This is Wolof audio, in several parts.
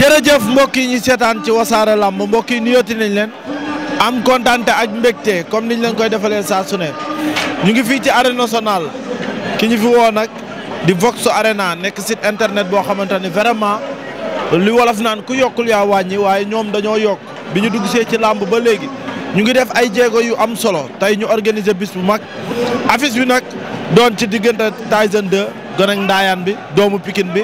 jërëjëf mbokk yi ñu seetaan ci wasaare làmb mbokk yi nuyooti nañ leen am kontaan ak mbégte comme niñ leen koy defalee saa su ne ñu ngi fii ci arène nationale ki ñu fi woo nag di Vox Arena nekk site internet boo xamante ni vraiment li wolof naan ku yokkul yaa wàññi waaye ñoom dañoo yokk bi ñu dugg see ci làmb ba léegi ñu ngi def ay jéego yu am solo tey ñu organiser bis bu mag affiche bi nag doon ci diggante Tyson 2 gën ak ndaayaan bi doomu Pikine bi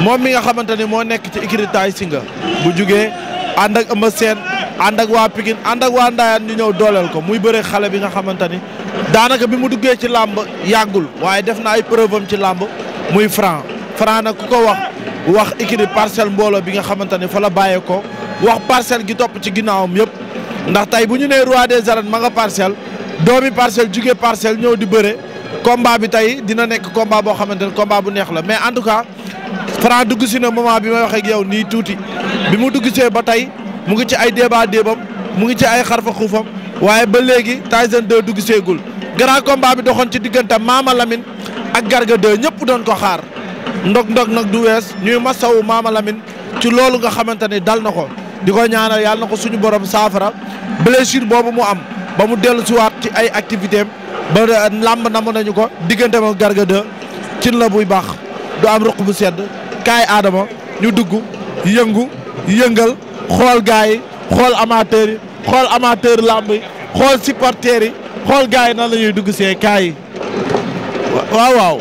moom mi nga xamante ni moo nekk ci écritage si nga bu jugee ànd ak Eumeu Sène ànd ak waa Pikine ànd ak waa Ndayane ñu ñëw dooleel ko muy bëre xale bi nga xamante ni daanaka bi mu duggee ci làmb yàggul waaye def na ay preuve am ci làmb muy Franc Franc na ku ko wax wax écrit parcelle mbooloo bi nga xamante ni fa la bàyyee ko wax parcelle gi topp ci ginnaawam yëpp ndax tey bu ñu nee roi de arènes ma nga parcelle doomi parcelle jugee parcelle ñëw di bëre combat bi tey dina nekk combat boo xamante ni combat bu neex la mais en tout cas Franc dugg si na moment bi may wax ak yow nii tuuti bi mu dugg see ba tey mu ngi ci ay débat débam mu ngi ci ay xarfa xuufam waaye ba léegi Tyson 2 dugg seegul grand combat bi doxoon ci diggante Mama Lamine ak Garga 2 ñëpp doon ko xaar ndog-ndog nag du wees ñuy masawu Mama Lamine ci loolu nga xamante ne dal na ko di ko ñaanal yàlla na ko suñu borom saafara blessure boobu mu am ba mu dellu siwaat ci ay activité am ba làmb namm nañu ko diggante moom cin la buy baax du am ruq bu sedd kaay aadama ñu dugg yëngu yëngal xool gars yi xool amateur yi xool amateur làmb yi xool supporter yi xool gars yi nan la dugg see kaay yi waaw waaw.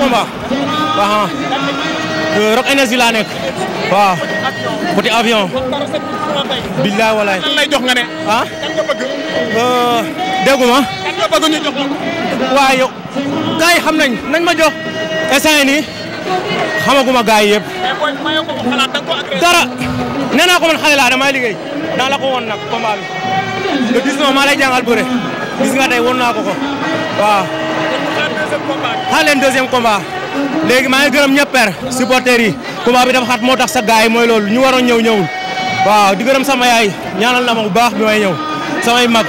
combat. waaw Rock Énergie laa nekk. waaw. avion. billaay walaay. lan lay jox nga ne. ah. kan nga euh, xam nañ nañ ma jox. instant yii nii xamaguma gars yi yëpp. dara. nee naa ko man liggéey. naa la ko woon nag combat maa lay jàngal bëre. gis nga tey woon naa ko xaar leen deuxième combat léegi maa ngi gërëm ñëpp père supporters yi combat bi dafa xat moo tax sa gaay mooy loolu ñu waroon ñëw ñëwul waaw di gërëm sama yaay ñaanal na ma bu baax bi may ñëw samay mag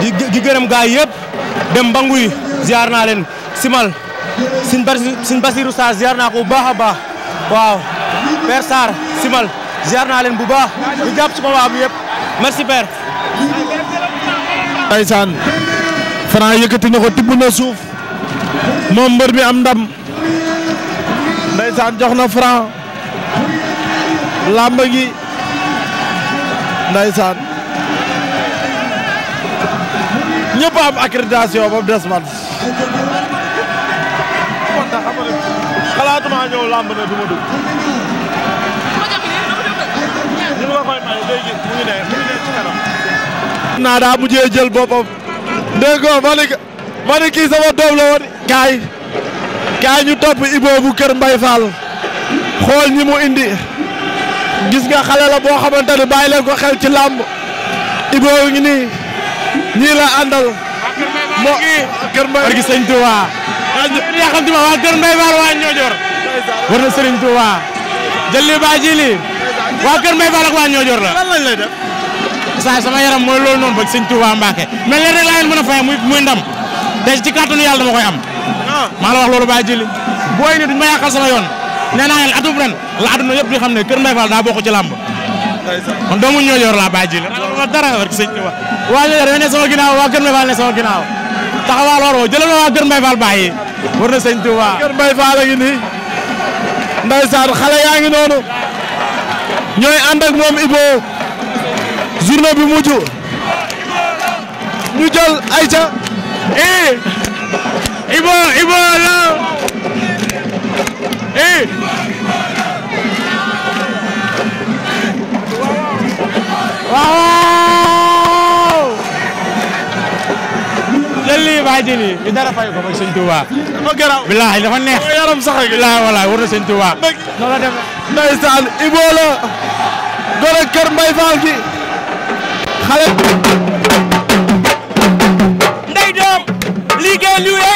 di di gërëm gaay yëpp dem mbanguy ziar naa leen simal sin bas sin basiru Sarr ziar naa ko bu baax a baax waaw père Sarr simal ziar naa leen bu baax di jàpp ci combat bi yëpp merci père ndeysaan Franc yëkkati ko tibb na suuf moom mbër mi am ndam ndeysaan jox na franc làmb gi ndeysaan ñëpp am accréditation ba mu des man naa daa mujjee jël boppam dégg nga ma ne kii sama doom la woon kaay kaay ñu topp Ibo bu kër Mbay Fall xool ñi mu indi gis nga xale la boo xamante ne bàyyi leen ko xel ci làmb Ibo ngi nii ñii la àndal moo kër Mbay barki Sëñ Tuubaa yaa xam ma waa kër Mbay Fall waa Ñoojoor war na Sëriñ Tuubaa jëli baa jili waa kër Mbay Fall ak waa Ñoojoor la lan lañ lay sama yaram mooy lool noonu bëgg Sëñ Tuubaa Mbàkke mel ne rek laa leen mën a fay muy muy te ci kàttanu yàlla dama koy am maa la wax loolu bàyyi jili booy ni duñ ma yàqal sama yoon nee naa leen ren la àdduna yëpp di xam ne Kër Mbaye Fall ci làmb kon doomu ñoo yor laa bàyyi war sëñ bi wax waa ñoo yor ne sama ginnaaw waa Kër Mbaye Fall ne sama ginnaaw taxawaa loolu woo waa Kër Mbaye Fall bàyyi war na sëñ Touba Kër Mbaye Fall a ngi nii ndeysaan xale yaa ngi noonu ñooy ànd moom Ibo journée bi mujj ñu jël Aïcha eh Ibo Ibo la eh waaw lan lii baa ji nii li dara fay ko mooy sëñ Touba. dafa garaaw bilaahi dafa neex. yaram sax rek bilaahi walaay war na sëñ Touba. loola dem ndeysaan Ibo la góor ak kër Mbaye Fall gi xale. Ndeye Diop liggéey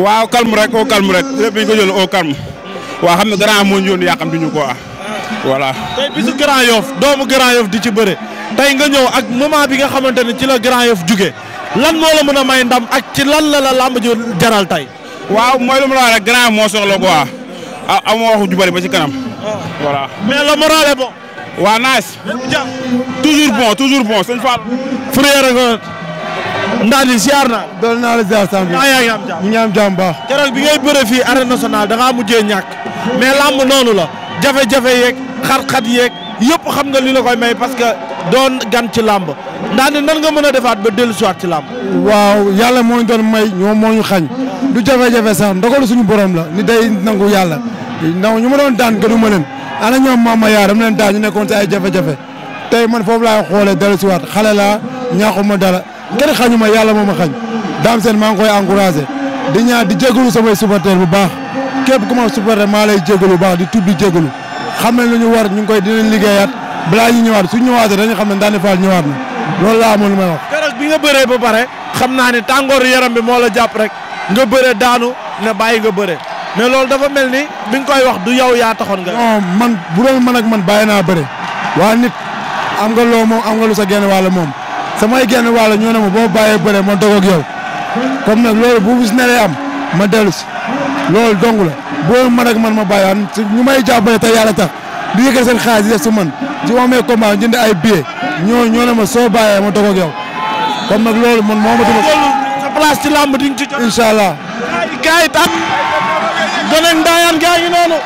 waaw calme rek au oh, calme rek lépp dañ ko jël au oh, calme waaw xam ne grand moo ñu yónni yàqam di ñu ko ah voilà. tey bisu Grand Yoff doomu Grand Yoff di ci bëre tey nga ñëw ak moment bi nga xamante ne ci la Grand Yoff jugee lan moo la mën a may ndam ak ci lan la la làmb ji jaral tey. waaw mooy ma la wax a Grand Yoff moo soxla ko ah ah amoo waxu ju bëri ba ci kanam. voilà mais a moral est bon. waa nice. toujours bon toujours bon sëñ Fall. frère Ndady ziar naa. doon naa la ziar sànq. ah yaa baax. keroog bi ngay bëre fii arène nationale mujjee ñàkk mais làmb noonu la jafe-jafe yeeg xat-xat yeeg yëpp xam nga li la koy may parce que doon gan ci làmb Ndady nan nga mën a defaat ba siwaat ci làmb. waaw yàlla moo ñu doon may ñoom moo ñu xañ du jafe-jafe sax ndogalu suñu borom la ni day nangu yàlla ndaw ñu ma doon daan gënuma leen ana ñoom maama yaa dama leen daan ñu nekkoon si ay jafe-jafe tey man foofu laay xoolee dellusiwaat kenn xañu ma yàlla moom ma xañ daam seen maa ngi koy encouragé di ñaan di jégalu samay supporter bu baax képp ku ma supporter maa lay jégalu bu baax di tudd di jégalu xam nañ lu ñu war ñu ngi koy dinañ liggéeyaat balaa ñu ñëwaat suñ ñëwaatee dañu xam ne Ndande Fall ñëwaat na loolu laa amoon lu may wax. keroog bi nga bëree ba pare xam naa ne tàngoor yaram bi moo la jàpp rek nga bëree daanu ne bàyyi nga bëree mais loolu dafa mel ni bi nga koy wax du yow yaa taxoon nga. non man bu doon man ak man bàyyi naa bëre waa nit am nga loo moom am sa genn wàll moom samay genn wàll ñoo ne ma boo bàyyee bëre ma dog ak yow comme nag loolu bu bis am ma dellu si loolu dong la boo man ak man ma bàyyiwaan ñu may jàppale te yàlla tax di yëkkati seen xaalis di def si man ci amee ma soo bàyyee ma dog ak yow comme nag loolu man moo ma. sa place ci làmb di nga ci jot. incha allah. ndaayaan gaa ngi noonu.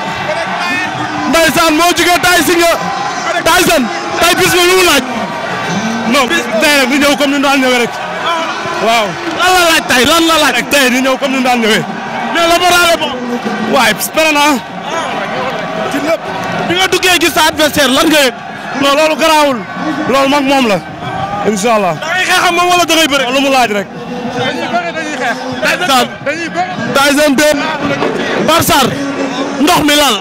ndeysaan moo jugee Tay Shinger. Tyson tey bis bi lu non tey rek ñu ñëw comme ni ñu daan ñëwee rek. waaw lan la laaj tey lan la laaj. rek tey ñu ñëw comme ni ñu daan ñëwee. mais la morale bon. waaye pare naa. ci lépp. bi nga duggee gis sa adversaire lan nga yëg. non loolu garaawul. loolu mag moom la. incha allah da ngay xeexam moom wala da ngay bëre. lu mu laaj rek. Tyson 2 Barsar ndox mi lan la.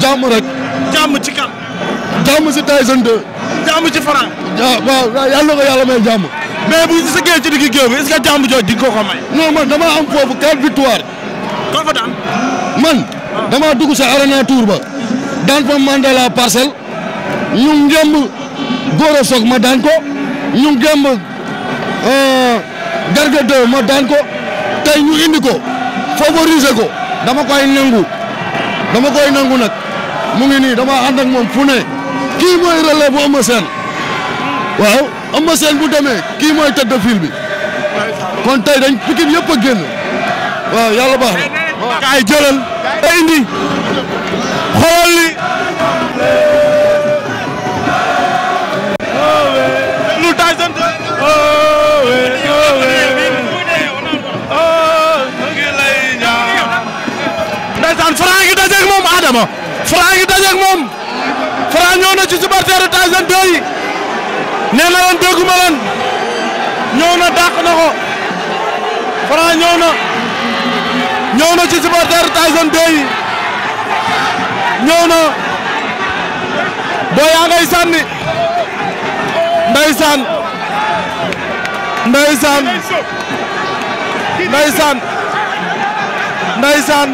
jàmm rek. jàmm ci kan. jàmm si Tyson 2. jàmm ci Franc. waaw waaw yàlla ko yàlla may jàmm. mais bu sëggee ci digg géew bi est-ce que jàmm jooju di ko may. non man damaa am foofu quatre victoire. kon fa daan. man damaa dugg sa arena tour ba. daan fa Mandela parcelle. ñu ngemb Goro Sock ma daan ko. ñu ngemb euh, Garga ma daan ko. tey ñu indi ko. favoriser ko. dama koy nangu. dama koy nangu nag. mu ngi nii dama ànd ak moom kii mooy relais bu Eumeu Sène waaw Eumeu Sène bu demee kii mooy tête de file bi kon tey dañ Pikine yëpp a génn waaw yàlla baax na. kaay jëlal. day indi moom Adama Franc ngi moom Franc ñëw na ci supporteru Tyson 2 yi nee na leen dégguma leen na dàq ko Franc ñëw na ñëw na ci supporteru Tyson 2 yi na boo yaa ngay sànni ndeysaan ndeysaan ndeysaan ndeysaan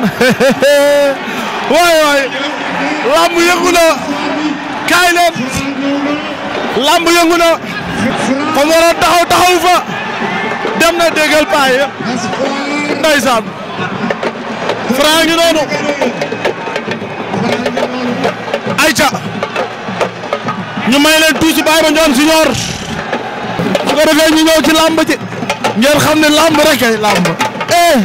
waay kaay leen lamb yëngu na fa mu waroon taxaw taxaw fa dem na déggal paa yi ndeysaan Franc ngi noonu ayca ñu may leen tuuti bàyyi ba ñoom si ñor su ko defee ñu ñëw ci lamb ji ngeen xam ne lamb rek ay lamb eh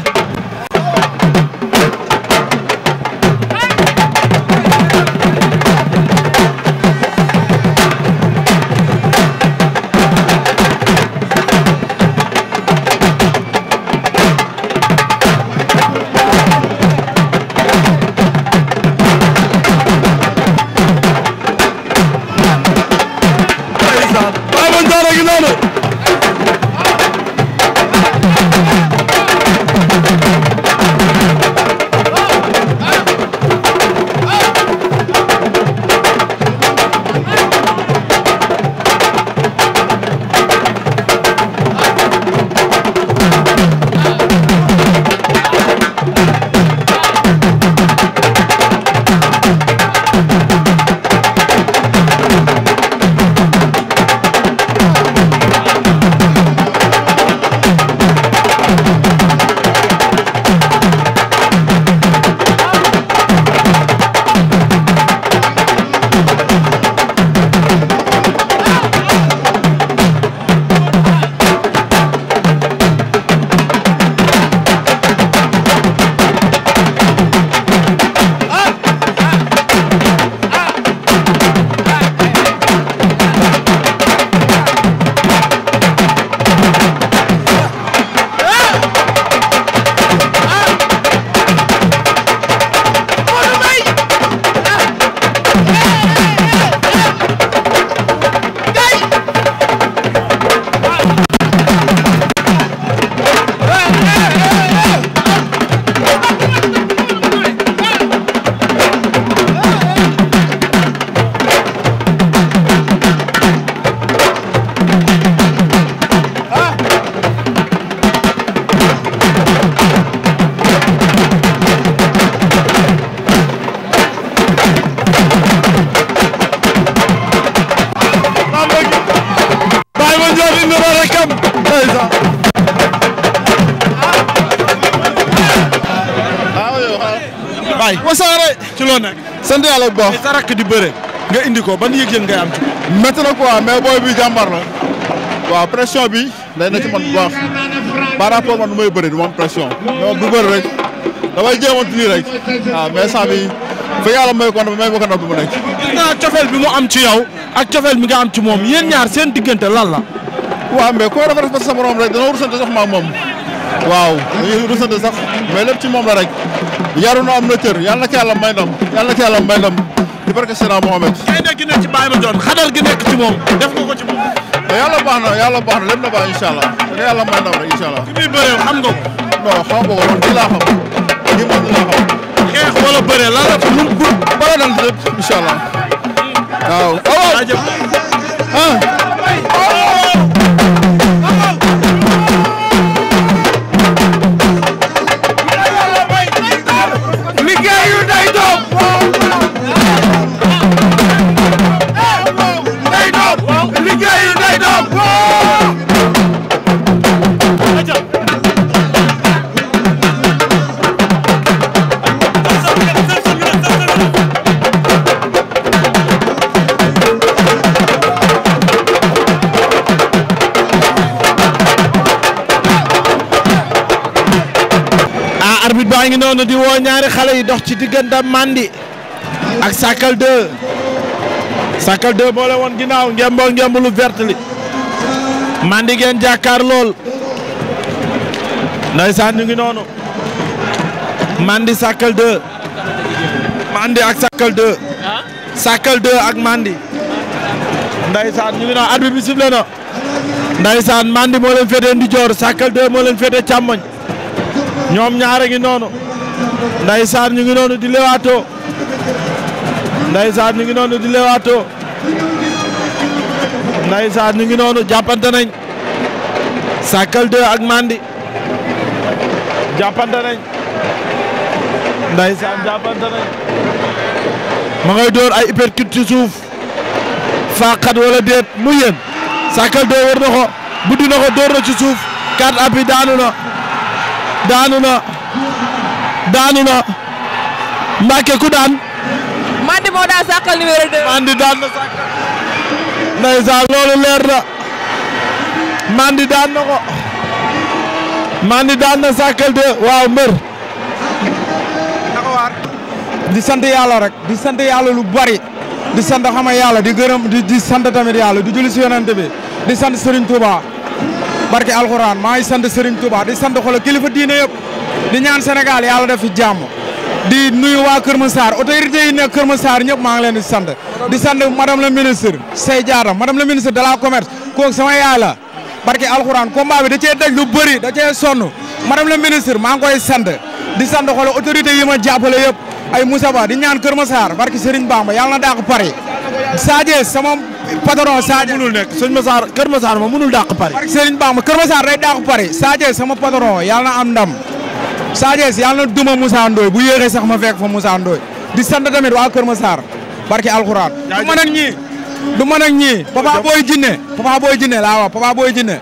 yàlla bu baax mais sa rakk di bëre nga indi ko ban yëg-yëg ngay am ci. métti na quoi mais booy bi jàmbar la. waaw pression bi day na ci man bu baax par rapport man nu may bëri du ma am pression. mais du bëri rek damay jéem a tuuti rek waaw ah, mais saa bi fa yàlla ko may ma ko ndax bu mu nekk. gis naa cofeel bi mu am ci yow bi nga am moom yéen ñaar seen diggante lan waaw mais koo dafa def ba sa morom rek dana rusante sax maa moom. waaw dañuy rusante moom la rek. yaru na am na cër yàlla na ko yàlla may ndam yàlla na ko yàlla may ndam di barke Seydina Mohamed. kay nekk gi nekk ci Baye Mandione xadal gi nekk ci moom def nga ko ci moom. yàlla baax na yàlla baax na lépp na baax incha allah te yàlla may ndam rek incha allah. fi muy bëree xam nga ko. non xam nga ko loolu di laa laa xam. xeex wala bëree lan la ko mën bëri na arbitre baa ngi noonu di woo ñaari xale yi dox ci diggante Mandi ak Sakal 2 Sakal 2 boole woon ginnaaw ngemboo ngemb vert li Mandi geen jàkkaar lool ndaysaan ñu ngi noonu Mandi Sakal Mandi ak Sakal 2 ak Mandi ndaysaan ñu ngi noonu arbitre bi sifle na ndaysaan Mandi moo leen féete ndijoor Sakal moo leen féete càmmoñ ñoom ñaare ngi noonu ndeysaan ñu ngi noonu di lewaatoo ndeysaan ñu ngi noonu di lewaatoo ndeysaan ngi noonu jàppante nañ Sakal 2 ak Mandi jàppante nañ ndeysaan jàppante ma ngay door ay uppercut ci suuf faqat wala déet mu yéen Sakal 2 wër na ko buddi na ci suuf kat api daanu daanu na daanu na Mbacke ku daan. Mandi moo daan sàkkal numéro 2. Mandi daan na sàkkal. Mandi daan na daan na sàkkal de waaw mbër. di sant yàlla rek di sant yàlla lu bari. di sant xama yàlla di gërëm di di sant tamit yàlla di julli si yonent di sant Serigne Touba. barke alxuraan maa ngi sant Serigne Touba di sant xolo kilifa diine yëpp di ñaan Sénégal yàlla def fi di nuyu waa Kër Massar autorité yi nekk Kër Massar ñëpp maa ngi leen di sant di sant madame la ministre Sey Diatta madame la ministre de la commerce kooku sama yaay la barke alxuraan combat bi da cee daj lu bëri da cee sonn madame la ministre maa koy sant di sant xolo autorité yi ma jàppale yëpp ay Moussa Ba di ñaan Kër Massar barke Serigne Bamba yàlla na dàq pare Sadio sama patron Sadio mënul nekk sëñ Massar Kër Massar ma mënul dàq pare. Serigne Bamba Kër Massar day dàq pare Sadio sama patron yàlla na am ndam Sadio yàlla na duma Moussa Ndoye bu yéexee sax ma fekk fa Moussa Ndoye di sant tamit waa Kër Massar barke alxuraan. du mën ak ñii du mën ak ñii. papa booy jinne papa booy jinne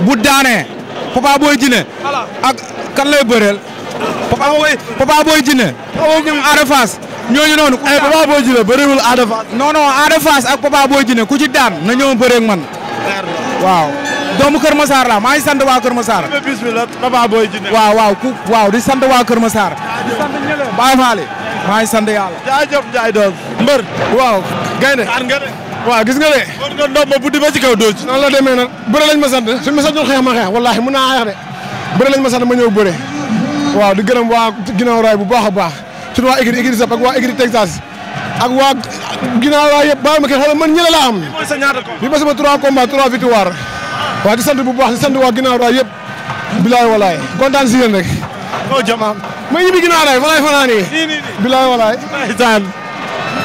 bu daanee papa booy jinne. ak kan lay bëreel. jinne. ñoom ñooñu noonu. ay eh, Papa Boy Djiné bëriwul Ada Fass. non non Ada ak Papa Boy ku ci daan na ñëw bëreeg man. waaw. doomu Kër Masar la maa ngi sant waa Kër Masar. Papa Boy Djiné. waaw waaw di sant waa Kër Masar. di sant maa ngi sant yàlla. jaajëf jaay doon. mbër. waaw. gaynde xaar nga gis nga de. war nga ndoom ba buddi ba ci kaw dóor ci. noonu la demee nag bëre lañ ma sant suñu ma santul xeex ma xeex wallaahi mun naa xeex de bëre lañ ma sant ma ñëw bëre waaw di gërëm waa ginnaaw raay bu baax a baax suñu waa écurie écurie Sap ak waa écurie Texas ak waa ginnaaw waa yëpp bàyyi ma kenn man ñële laa am. bi ma sama trois combats trois victoire waa di sant bu baax di sant waa ginnaaw waa yëpp bilaay walaay kontaan si yéen rek. koo ma ñibbi ginnaaw raay fa laay fanaan nii. bilaay walaay.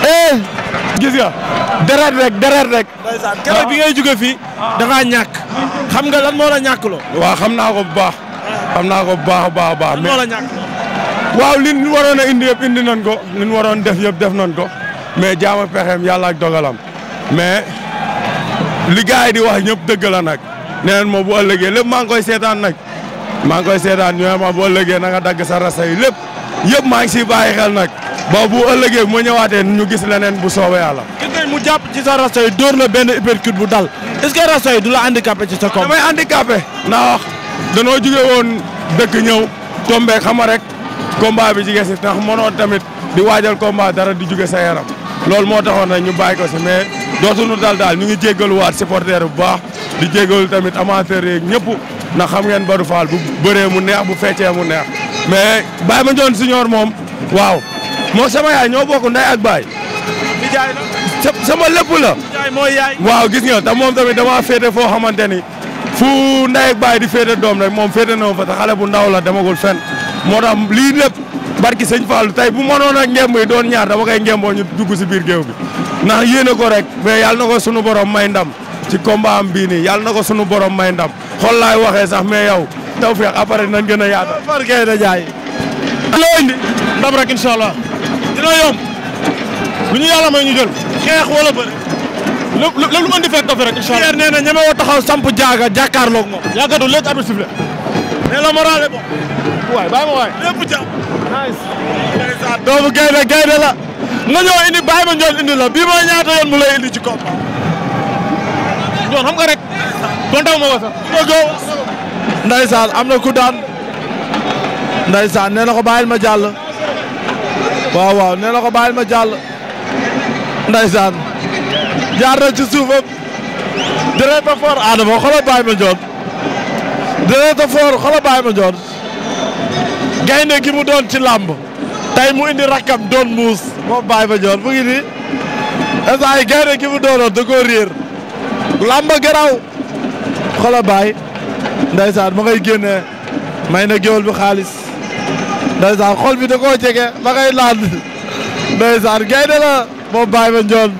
Eh! gis nga deret rek deret rek. keroog bi ngay jóge fii dangaa ñàkk. xam nga lan moo la ñàkk loo. waaw xam naa ko bu baax. xam naa ko bu baax a baax a baax. lan la ñàkk waaw li ñu waroon a indi yëpp indi nañ ko li ñu waroon def yëpp def nañ ko mais jaam ak pexeem yàlla dogalam mais li di wax ñëpp dëgg la nag nee ma bu ëllëgee lépp maa ngi koy seetaan nag maa ngi koy seetaan ñu ma bu ëllëgee na nga dagg sa rasa yi lépp yëpp maa ngi siy bàyyi xel nag ba bu ëllëgee bu ma ñu gis leneen bu soobee yàlla. nañ mu jàpp ci sa rasa yi dóor la benn uppercut bu dal est-ce yi du la handicapé ci sa kaw. damay handicapé. na wax danoo jugee woon dëkk ñëw tombé combat bi jige si ndax mënoo tamit di waajal combat dara di juge sa yaram loolu moo taxoon nag ñu bàyyi ko si mais dootuñu dal daal ñu ngi jéggaluwaat supporter bu baax di jéggalu tamit amateur yeeg ñëpp ndax xam ngeen Badou Fall bu bëree mu neex bu feccee mu neex mais Baye Mandione Junior moom waaw moo sama yaay ñoo bokk ndey ak baay. nijaay sama lépp la. nijaay mooy yaay. waaw gis nga te moom tamit damaa féete foo xamante ni fu ndey ak di féete doom rek moom féete na ma fa te xale bu ndaw la demagul fenn. moo tax lii lépp barki sëñ Fallou tey bu ma ak ngemb yi doon ñaar dama koy ngemboo ñu dugg si biir géew bi ndax yéene ko rek mais yàlla na ko sunu borom may ndam ci combat am bii nii yàlla na ko sunu borom may ndam xol laay waxee sax mais yow taw feex après nañ gën a yaatal. far kay da jaay. loo indi ndam rek incha allah dina yomb lu ñu yàlla may ñu jël xeex wala bëri. lu lu mën di fekk taw rek incha allah. Pierre nee na ñeme woo taxaw samp jaaga jàkkaarloog moom. yaakaar naa léegi at bi sifflé. mais waay bàyyi ma waay. lépp jàmm. gaynde gaynde la. nga ñëw indi bàyyi ma ñoon indi la bii mooy ñaata yoon mu lay indi ci combat. ñoon xam nga rek. tontaw ma ko sax. dëggoo. ndeysaan am na ku daan. ndeysaan nee na ko bàyyil ma jàll. waaw waaw nee na ko bàyyil ma jàll. ndeysaan. jaar na ci suufam. dërët a fort Adama xoolal bàyyi ma ñoon. dërët a fort xoolal bàyyi ma ñoon. gaynde gi mu doon ci làmb tey mu indi rakkam doon muus moom Baye Mandione mu ngi nii esaay gaynde gi mu doonoon da koo réer làmb garaw xola baay ndeysaan ma ngay génne may na géwél bi xaalis ndeysaan xol bi da koo jege ma ngay laal ndeysaan gaynde la moom Baye Mandione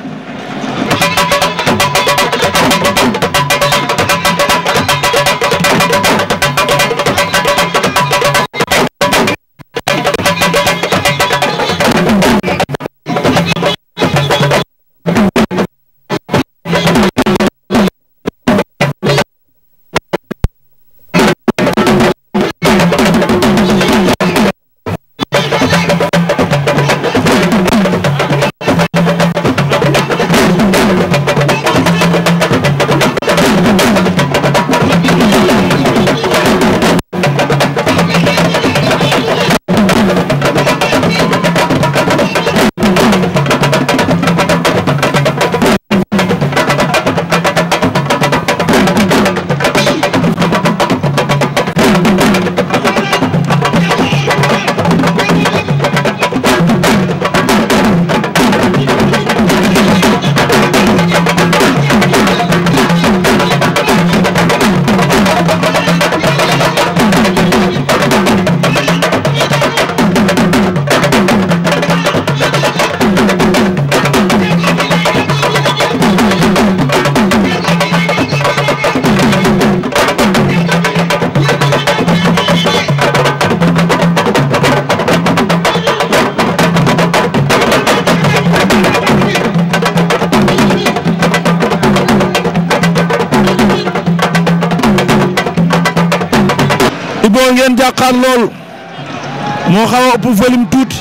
volume tuuti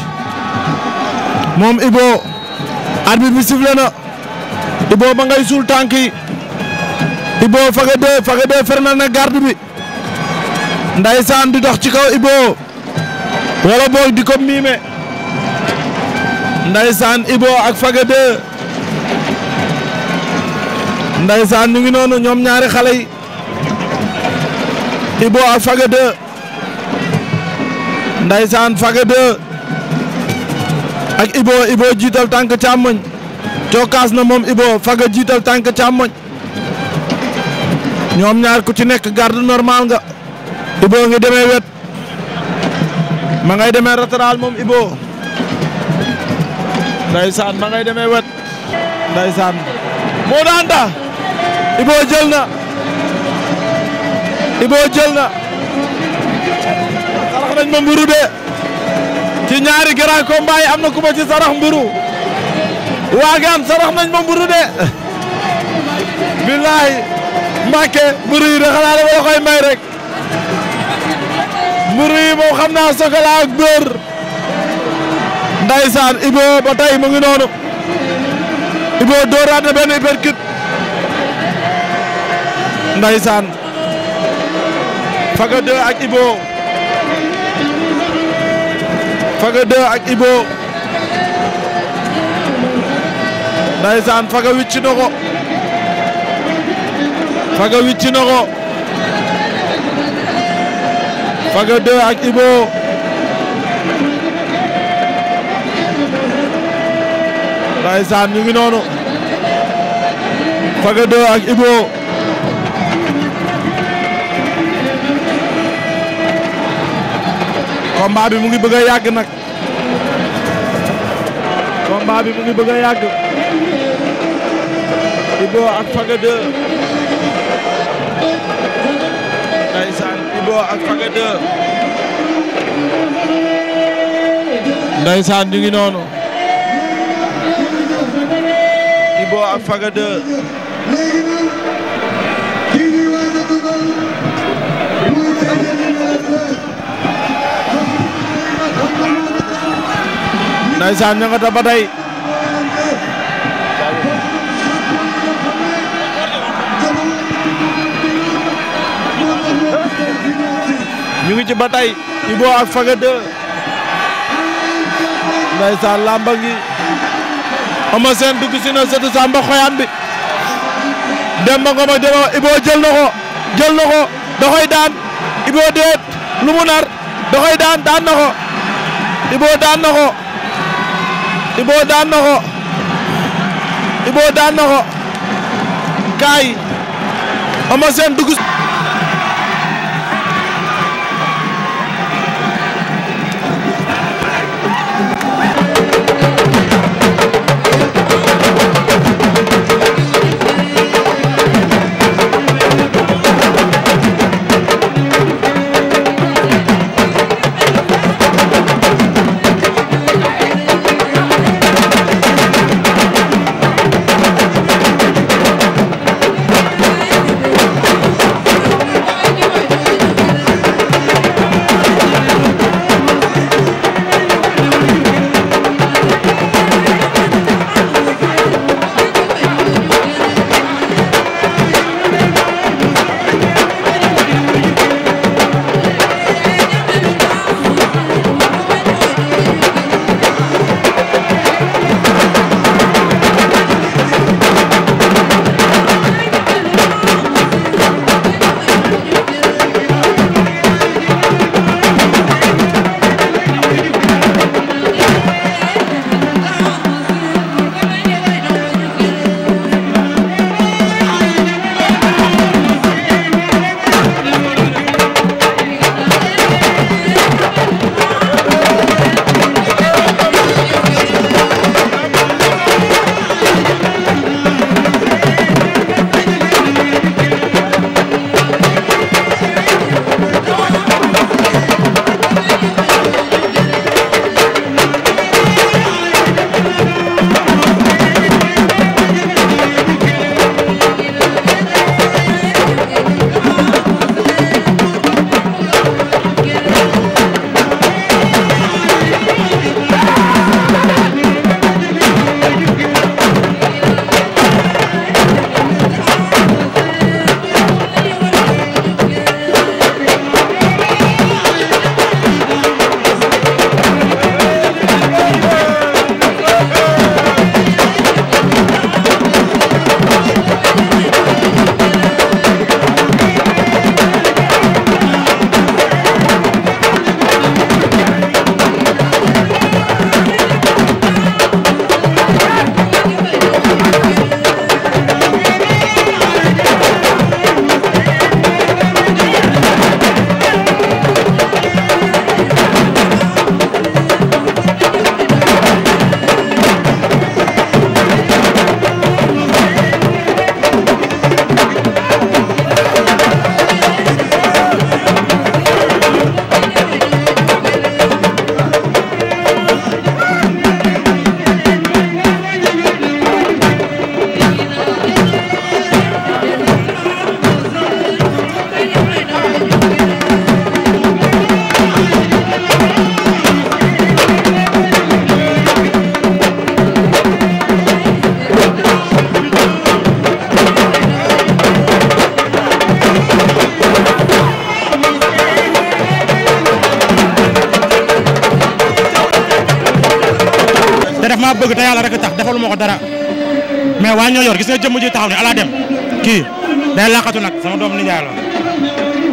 moom Ibo arbitre bi sifflé na Ibo ba ngay suul tànk yi Ibo Fage 2 Fage na garde bi ndaysaan di dox ci kaw Ibo wala boog di ko miime ndaysaan Ibo ak Fage 2 ndaysaan ñu ngi noonu ñoom ñaari xale yi Ibo ak Fage Ndaysaan Faga 2 ak Ibo Ibo jiital tànk càmmoñ cokkaas na moom Ibo Faga jiital tànk càmmoñ ñoom ñaar ku ci nekk garde normal nga Ibo ngi demee wet ma ngay demee latéral moom Ibo Ndaysaan ma ngay demee wet Ndaysaan moo daan da Ibo jël na Ibo jël na nañ ma mburu de ci ñaari grand combat am na ku ma ci sarax mburu waagaan sarax mburu de billaay Mbàkke mburu yi de xanaa dama la koy may rek mburu yi moom xam naa sokola ak bër ndaysaan Ibo ba tey mu ngi noonu Ibo dóoraat na benn uppercut ndaysaan faga deux ak Ibo fa 2 ak Ibo ndaysaan Faga wicc na ko Faga wicc ak Ibo ndaysaan ñu ngi noonu Faga ak Ibo combat bi mu ngi bëgg a yàgg nag combat bi mu ngi bëgg a yàgg Ibo ak Faga 2 ndeysaan Ibo ak Faga 2 ndeysaan ñu ngi noonu Ibo ak Faga 2 ndaysaan ña nga ta ñu ngi ci ba ak Faga 2 ndaysaan làmba ngi Eumeu Sène dugg si na sëtu Xoyaan bi Demba Ngom ak Demba jël na ko jël na ko da daan Ibo déet lu mu daan daan na ko Ibo daan na ko Ibo daan na ko Ibo daan na ko kaay Eumeu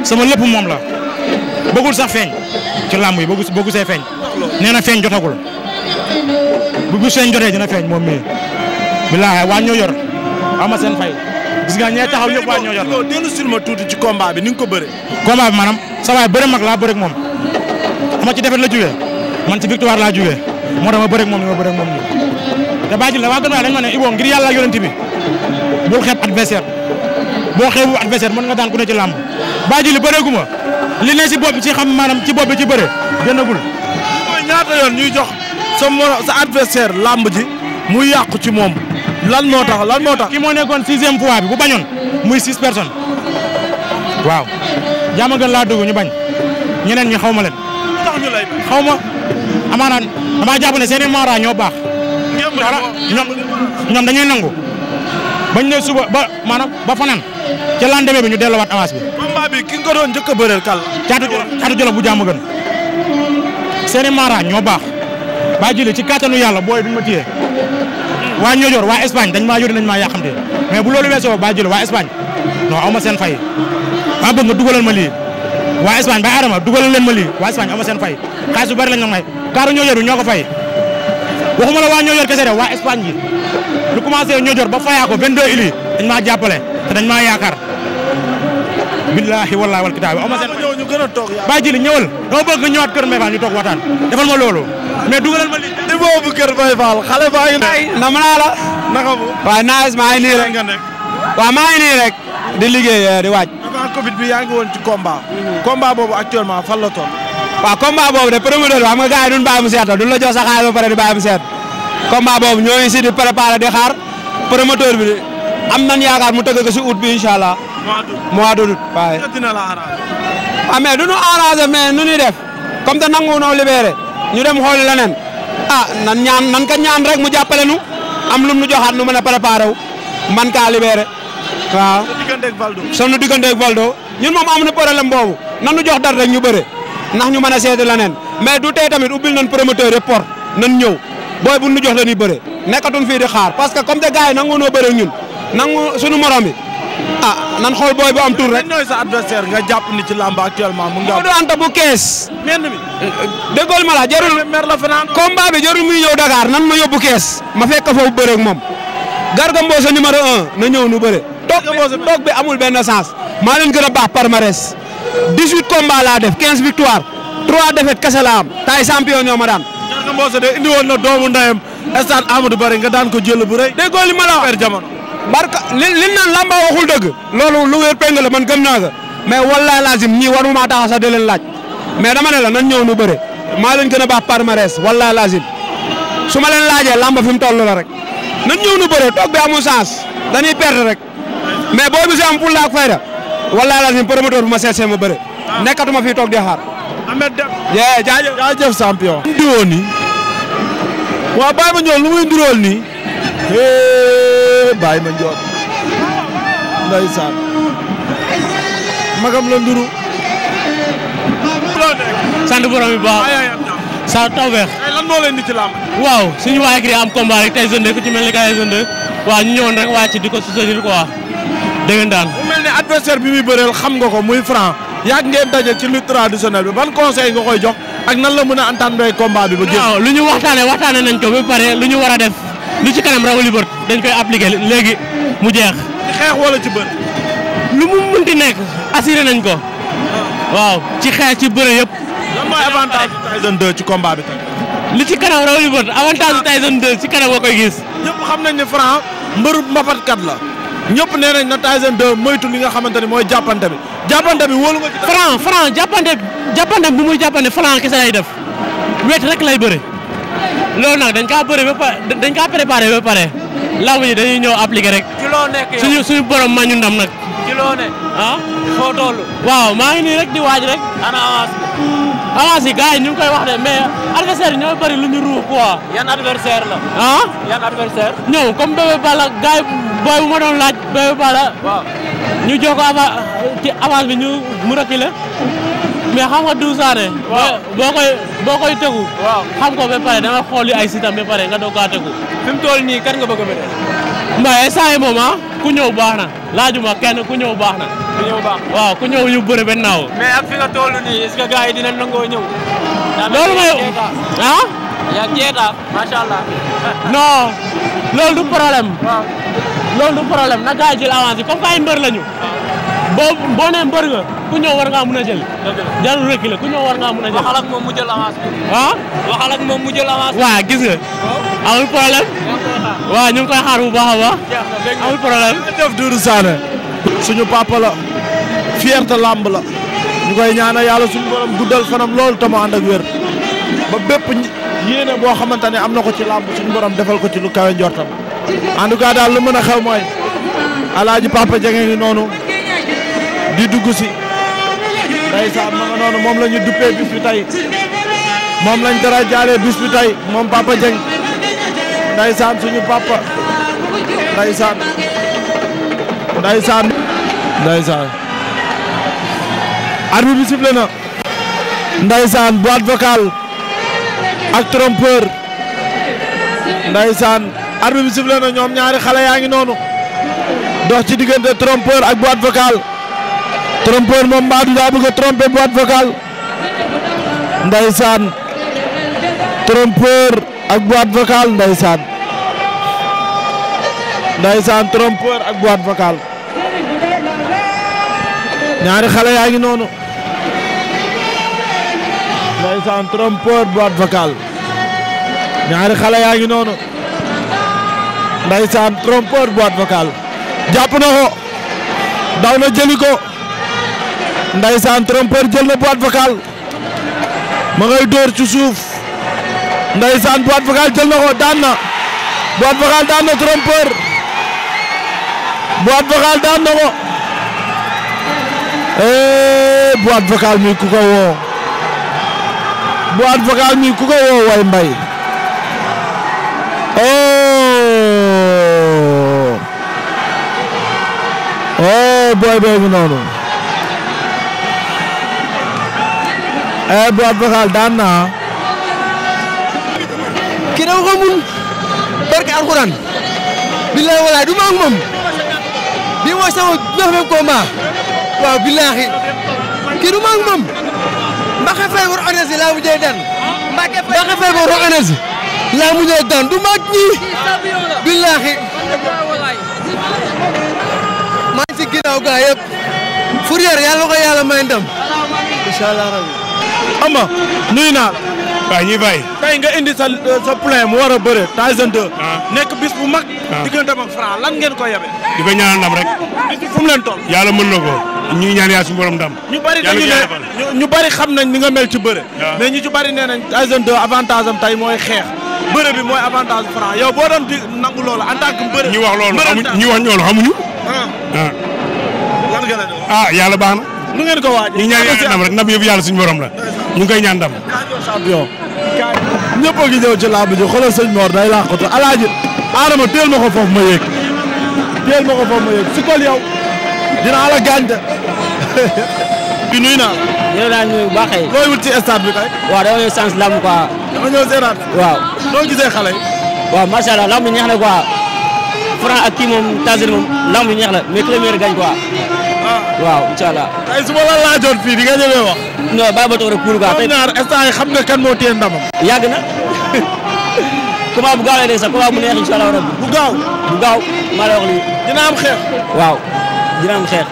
sama lépp moom la bëggul sax feeñ ci làmb yi bëggu bëggu see feeñ nee na feeñ jotagul bu bu seen jotee dina feeñ moom mii bilaay waa ñoo yor ama seen fay gis nga ñee taxaw yëpp waa ñoo yor. non dellu si tuuti ci combat bi ni nga ko bëree. combat bi maanaam sa waay bëre mag laa bëre moom ama ci defet la jugee man ci victoire laa jugee moo tax ma bëre moom ni ma bëre ak moom nii. te bàyyi la waa gën a dañ ma ne Ibou ngir yàlla yonent bi bul xeeb adversaire. boo xeebu adversaire mën nga daan ku ne ci làmb baa ji li bëreegu ma li ne si bopp ci xam maanaam ci bopp bi ci bëre génnagul. mooy ñaata yoon ñuy jox sa sa adversaire làmb ji mu yàqu ci moom lan moo tax lan moo tax. ki moo nekkoon sixième fois bi bu bañoon muy six person waaw jaama gën laa dugg ñu bañ ñeneen ñi xaw ma leen. tax ma amaanaan damaa jàpp ne seen i mara ñoo baax. ñoom dañuy nangu. bañ ne suba ba maanaam ba fanaan ca lendemain bi ñu delluwaat avance bi. combat bi ki nga doon njëkk a bëreel caatu caatu bu jàmm gën seeni mara ñoo baax baa jëlee ci kattanu yàlla booy duñ ma téye waa Ñoojoor waa Espagne dañ maa yóri nañ maa yàqamte mais bu loolu weesoo baa jëlee waa Espagne non aw ma seen fay maa bëgg nga dugalal ma lii waa Espagne ba Adama dugalal leen ma lii waa Espagne aw ma seen fay xaalis bu bari lañ may kaaru Ñoojoor bi ñoo ko fay waxuma la waa Niodior kese rek waa Espagne bi lu commencé ba fayaa ko 22 ili dañ maa jàppale te dañ maa yaakaar billahi wallahi wal kitaabi ama seen ñu gën a toog bàyyi jili ñëwal dama bëgg nga ñëwaat kër Mbaye Fall ñu toog waxtaan defal ma loolu mais dugalal ma li niveau bu kër Mbaye Fall xale baa ngi na ma la naka bu waaw naas maa ngi nii rek waaw maa ngi nii rek di liggéey eh, di waaj bi yaa ci combat mm-hmm. combat boobu actuellement fan la toll waaw combat boobu de promoteur bi xam nga gars yi duñ mu seet la la jox sa xaalis ba pare di bàyyi mu seet combat boobu ñoo ngi si di préparer di xaar promoteur bi am nan yaakaar mu tëgg ko si août bi incha allah. mois d'août waaye. dina la arrangé. ah mais du ñu def comme te nangu noo libéré ñu dem xool leneen ah nan ñaan nan ka ñaan rek mu jàppale nu am lum nu joxaat nu mën a préparé wu man kaa libéré waaw. sunu digganteeg Valdo. sunu digganteeg Valdo ñun moom am nan nu jox dara ñu bëre. ndax ñu mën a seeti leneen mais du tey tamit ubbil nañ promoteur yi port ñëw booy bu ñu jox dañuy bëre nekkatuñ fii di xaar parce que comme te gars yi nangu noo bëre ñun nangu suñu morom yi ah nan xool booy bu am tur rek. ñooy sa adversaire nga jàpp ni ci làmb actuellement mu ngi am. Modou Anta bu kees. mën mi déggool la jarul. mer la bi jarul muy ñëw Dakar nan ma yóbbu kees ma fekk foofu bëre ak moom Garga Mbossé numéro 1 na ñëw nu bëre. toog bi toog bi amul benn sens maa leen gën a baax palmarès 18 combats laa def 15 victoire 3 défaites kese laa am taay ma daan. Garga Mbossé de indi woon na doomu ndeyam stade Amadou Barry nga daan ko jël bu rëy. ma la wax jamono. barka li li naan waxul dëgg. loolu lu wér peng la man gëm naa ko mais wallaay lazim ñii waruma maa tax sax di leen dama ne la nan ñëw nu bëre maa leen gën a baax wallaay lazim su ma leen laajee lamba fi mu la rek nan ñëw nu toog bi amul sens dañuy perdre rek walaay la ni promoteur bu ma seesee ma bëre. Ah. nekkatuma fii toog di xaar. yee jaajëf jaajëf champion. li mu diwoon nii. waaw Baye Mandione lu muy durool nii. Baye Mandione. ndeysaan. magam la sant borom bi baax. sant ci làmb. waaw suñu waa yi am combat rek tey jeune ku ci mel ni waaw ñu ñëwoon rek wàcc di ko soutenir da mu mel ne adversaire bi muy bëreel xam nga ko muy franc yaag ngeen daje ci lutte traditionnelle bi ban conseil nga koy jox ak nan la mën a entendre combat bi. ba génn lu ñu waxtaanee waxtaane nañ ko ba pare lu ñu war a def lu ci kanam rawu li bët dañ koy appliquer léegi mu jeex. ci xeex wala ci bër. lu mu munti nekk assuré nañ ko. waaw ci xeex ci bëre yëpp. lan mooy avantage ci combat bi li ci kanam raw li bët avantage Tyson 2 ci kanam nga koy gis. ñëpp xam nañ ne Franc mbëru mbapatkat la. ñëpp nee nañ na Tyson 2 moytu li nga xamante ni mooy jàppante bi jàppante bi wóolu nga ci. Franc Franc jàppante jàppante bu muy jàppante Franc kese lay def wet rek lay bëre loolu nag dañ kaa bëre ba pare dañ kaa préparé ba pare làmb ji dañuy ñëw appliqué rek. ci suñu suñu borom ñu ndam nag. ci loo nekk. ah foo toll. waaw maa ngi nii rek di waaj rek. ana avance ah, yi gars yi ñu ngi koy wax de mais adversaire yi ñoo bëri lu ñu ruux quoi. yan adversaire la. ah yan adversaire. ñëw comme Bébé bu ma doon laaj Bébé Balla. ñu jox ko avant ci ñu mu reculer mais xam nga Doudou Sané. waaw boo koy boo koy tegu. waaw xam ko ba pare danga xool li ay sitam ba pare nga doog kaa tegu. fi toll nii kan nga bëgg a bëre. mbay instant moom ah ku ñëw baax na laajuma kenn ku ñëw baax na. ku waaw ku ñëw ñu bëre benn naaw. mais ak yi dinañ nangoo ñëw. jeeta ah? macha allah. du problème. na gars yi jël avance mbër lañu. boo boo mbër nga ku ñëw war ngaa mun a jël. dëgg la jarul ku ñëw war ngaa mu jël ah? jël avance gis nga. amul problème. waaw ñu ngi koy xaar bu baax a baax. amul problème. suñu papa la fierté làmb la ñu koy ñaanal yàlla suñu borom guddal fanam loolu te mu ànd ak wér ba bépp yéene boo xamante ne am na ko ci làmb suñu borom defal ko ci lu kawe njortam en daal lu mën a xew mooy alaaji papa jege ngi noonu di dugg si ndeysaan moom la ñu duppee bis bi tey moom lañ dara jaalee bis bi tey moom papa jeng ndeysaan suñu papa ndeysaan ndeysaan ndeysaan arbitre bi sifflé na ak trompeur ndeysaan arbitre bi sifflé na ñoom ñaari xale yaa ngi noonu dox ci diggante trompeur ak boîte vocale trompeur moom Mbadou daa bëgg a tromper boîte vocale ndeysaan ak boîte vocal ndeysaan ndeysaan trompeur ak boîte vocale ñaari xale yaa ngi noonu. ndeysaan trompeur boîte vocale. ñaari xale yaa ngi noonu. ndeysaan trompeur boîte vocale. jàpp na ko. daw na jëli ko. ndeysaan trompeur jël na boîte vocale. ma ngay dóor ci suuf. ndeysaan boîte vocale jël na ko daan na. boîte vocale daan na trompeur. boîte vocale daan na ko. Eh, boîte vocale mi ku ko woo mi ku ko woo way mbay oh eh, eh, daan naa. kii dafa barke alxuraan billaay walaay du ma ak moom bii mooy sama deuxième combat. waaw billaahi kii du maag moom Mbacké Faye war énergie laa mujjee daan Mbacké Faye war énergie laa mujjee daan du maag ñii billaahi maa ngi ci ginnaaw gaa yëpp Fourrière yàlla ko yàlla may ndam incha allah rabbi ama nuyu naa waaw ñuy bàyyi. tey nga indi sa sa mu war a bëre Tyson 2. Ah. nekk bis bu mag. waaw ah. diggante ak lan ngeen ko yebe. di ko ñaanal rek. bis bi yàlla mën na ko. ñuy ñaan yaa suñu borom ñu bari ñu bari xam nañ ni nga mel ci bëre. mais ñu ci bari nee nañ Tyson 2 avantage am tey mooy xeex. bëre bi mooy avantage Franc yow boo doon di nangu loolu en tant que bëre. ñi wax loolu xamuñu ñi wax loolu xamuñu. Ah. Ah. lan nga la ah yàlla baax na. nu ngeen ko waaj ñu ñaan yàlla ndam rek ndam la. ñu ngi koy ñaan ndam. champion. ñëpp a ngi ñëw ci làmb ji xoolal sëñ Mor day làqatu alaaji Adama teel ma ko foofu ma yéeg teel ma ko ma yéeg si kol yow dinaa la gaañ de. bi nuyu naa. yéen a ngi nuyu bu baax a looy wut ci stade bi kay. waaw dama ñëw sens lamb quoi. dama ñëw seeraat. waaw lamb ñeex na quoi. Franc ak kii lamb ñeex na mais première gañ quoi. Ah. waaw incha allah. tey su ma la laajoon fii di nga ñëwee wax. non bàyyi ba toog rek pour quoi. yàgg na. comment bu rabbi. bu gaaw maa lay lii. dina am xeex. waaw. dina xeex.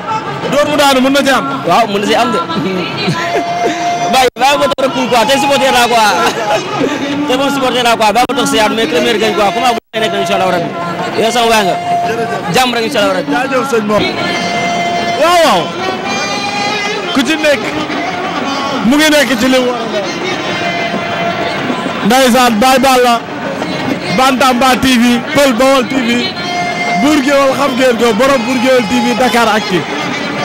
door mu daanu mën na ci waaw mën na si am de. bàyyi bàyyi ma tax rek quoi tey supporter laa quoi tey moom supporter laa quoi bàyyi ma tax si yaatu mais première gañ quoi comment bu may nekk incha allah rabi yow sama waay nga. jërëjëf rek incha allah rabi. jaajëf sëñ Mor. waaw waaw. ku ci nekk. mu ngi nekk ci li mu war a nekk. Ndeysaan Baye Balla Bantamba TV Pël Bawol TV. buur géwél xam ngeen ko borom buur géwél TV Dakar Actu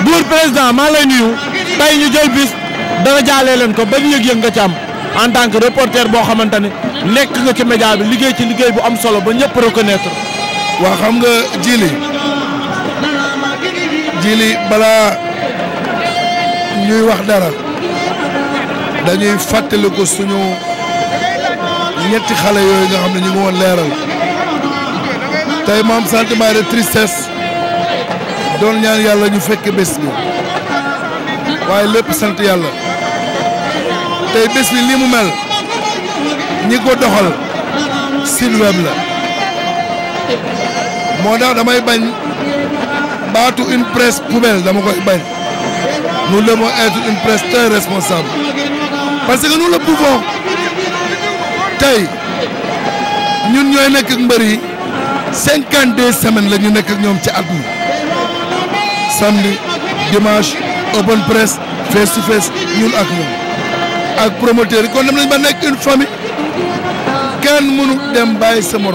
buur président maa lay nuyu tey ñu jël bis dara jaalee leen ko ban yëg-yëg nga ci am en tant que reporter boo xamante ne nekk nga ci média bi liggéey ci liggéey bu am solo ba ñëpp reconnaître waa xam nga jili jili balaa ñuy wax dara dañuy fàttaliku suñu ñetti xale yooyu nga xam ne ñu ngi woon leeral tey ma am sentiment de doon ñaan yàlla ñu fekk bés bi waaye lépp sant yàlla tey bés bi li mu mel ñi ko doxal Sine Web la moo tax damay bañ baatu une presse poubelle dama koy bañ nous devons être une presse très responsable parce que nous le pouvons tey ñun ñooy nekk ak mbër yi cinquante deux semaines la ñu nekk ak ñoom ci at mi samedi dimanche open press face to ñun ak ñoom ak promoteur yi kon dem nañ ba nekk une famille kenn mënu dem bàyyi sa doo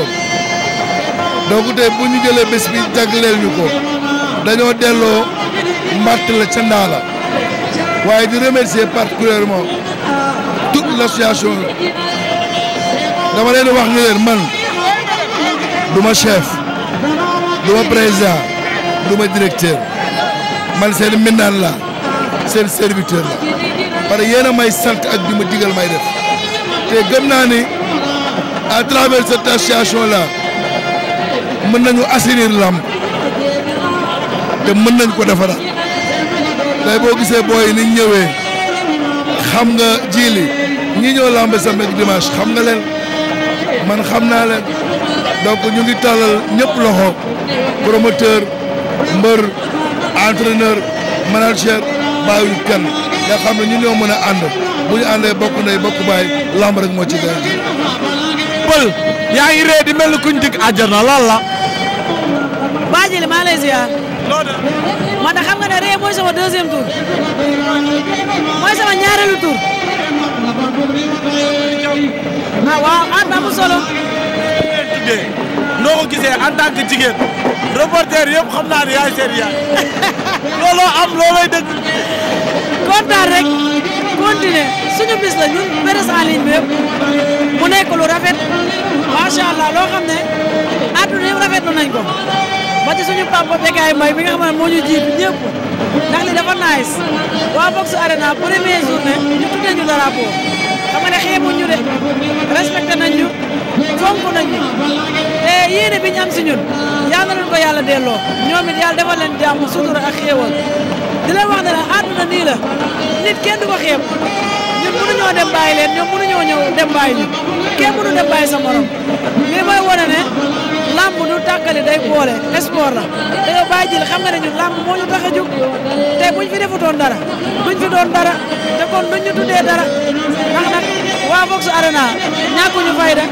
donc tey bu ñu jëlee bés bi jagleel ñu ko dañoo delloo mbàtt la ca ndaa la waaye di remercier particulièrement toute l' association dama leen wax ni leen man du ma chef du ma président du directeur man seen mbindaan la seen serviteur la parce que yéen a may sant ak di ma digal may def te gëm naa ni à travers cette association mën nañu assainir làmb te mën nañ ko defara tey boo gisee booy ni ñëwee xam nga jiili ñi ñëw làmb samedi dimanche xam nga leen man xam naa leen donc ñu ngi tàllal ñëpp loxo promoteur mbër entraîneur manager bàyyiwuñ kenn nga xam ne ñu ñoo mën a ànd bu ñu àndee bokk ndey bokk baay lamb moo ci gën pël yaa ree di mel ni kuñ dig àjjana lool la baajili maa lay ziar man da xam nga ne ree mooy sama deuxième tour mooy sama ñaareelu tour ah waaw ah, mu solo tuddee noo ko gisee en tant que jigéen reporter xam naa ne yaay seen yaay am loolay dëgg. kontaan rek continuer suñu bis la ñun presse en ligne bi yëpp mu nekk lu rafet macha allah loo xam ne àdduna yëpp rafetlu nañ ko ba ci suñu papa Bécaye Mbaye bi nga xam ne moo ñu jiitu ñëpp ndax li dafa nice waa Vox Arena premier journée ñu tuddee ñu dara boobu. xeebuñu de respecté nañ ñu fonk te yéene bi ñu am si ñun yal na leen ko yàlla delloo ñoom it yàlla defal leen jàmm ak xéewal di leen la àdduna nii la nit kenn du ko ñun mënuñoo dem bàyyi leen ñoom mënuñoo ñëw dem bàyyi ñu kenn mënu dem sa morom lii mooy wane ne làmb du tàkkali day boole sport la te yow bàyyi xam nga ne ñun làmb moo ñu tax a jóg te buñ fi defutoon dara buñ fi doon dara te kon duñ ñu tuddee dara waa Vox Arena ñàkkuñu fayda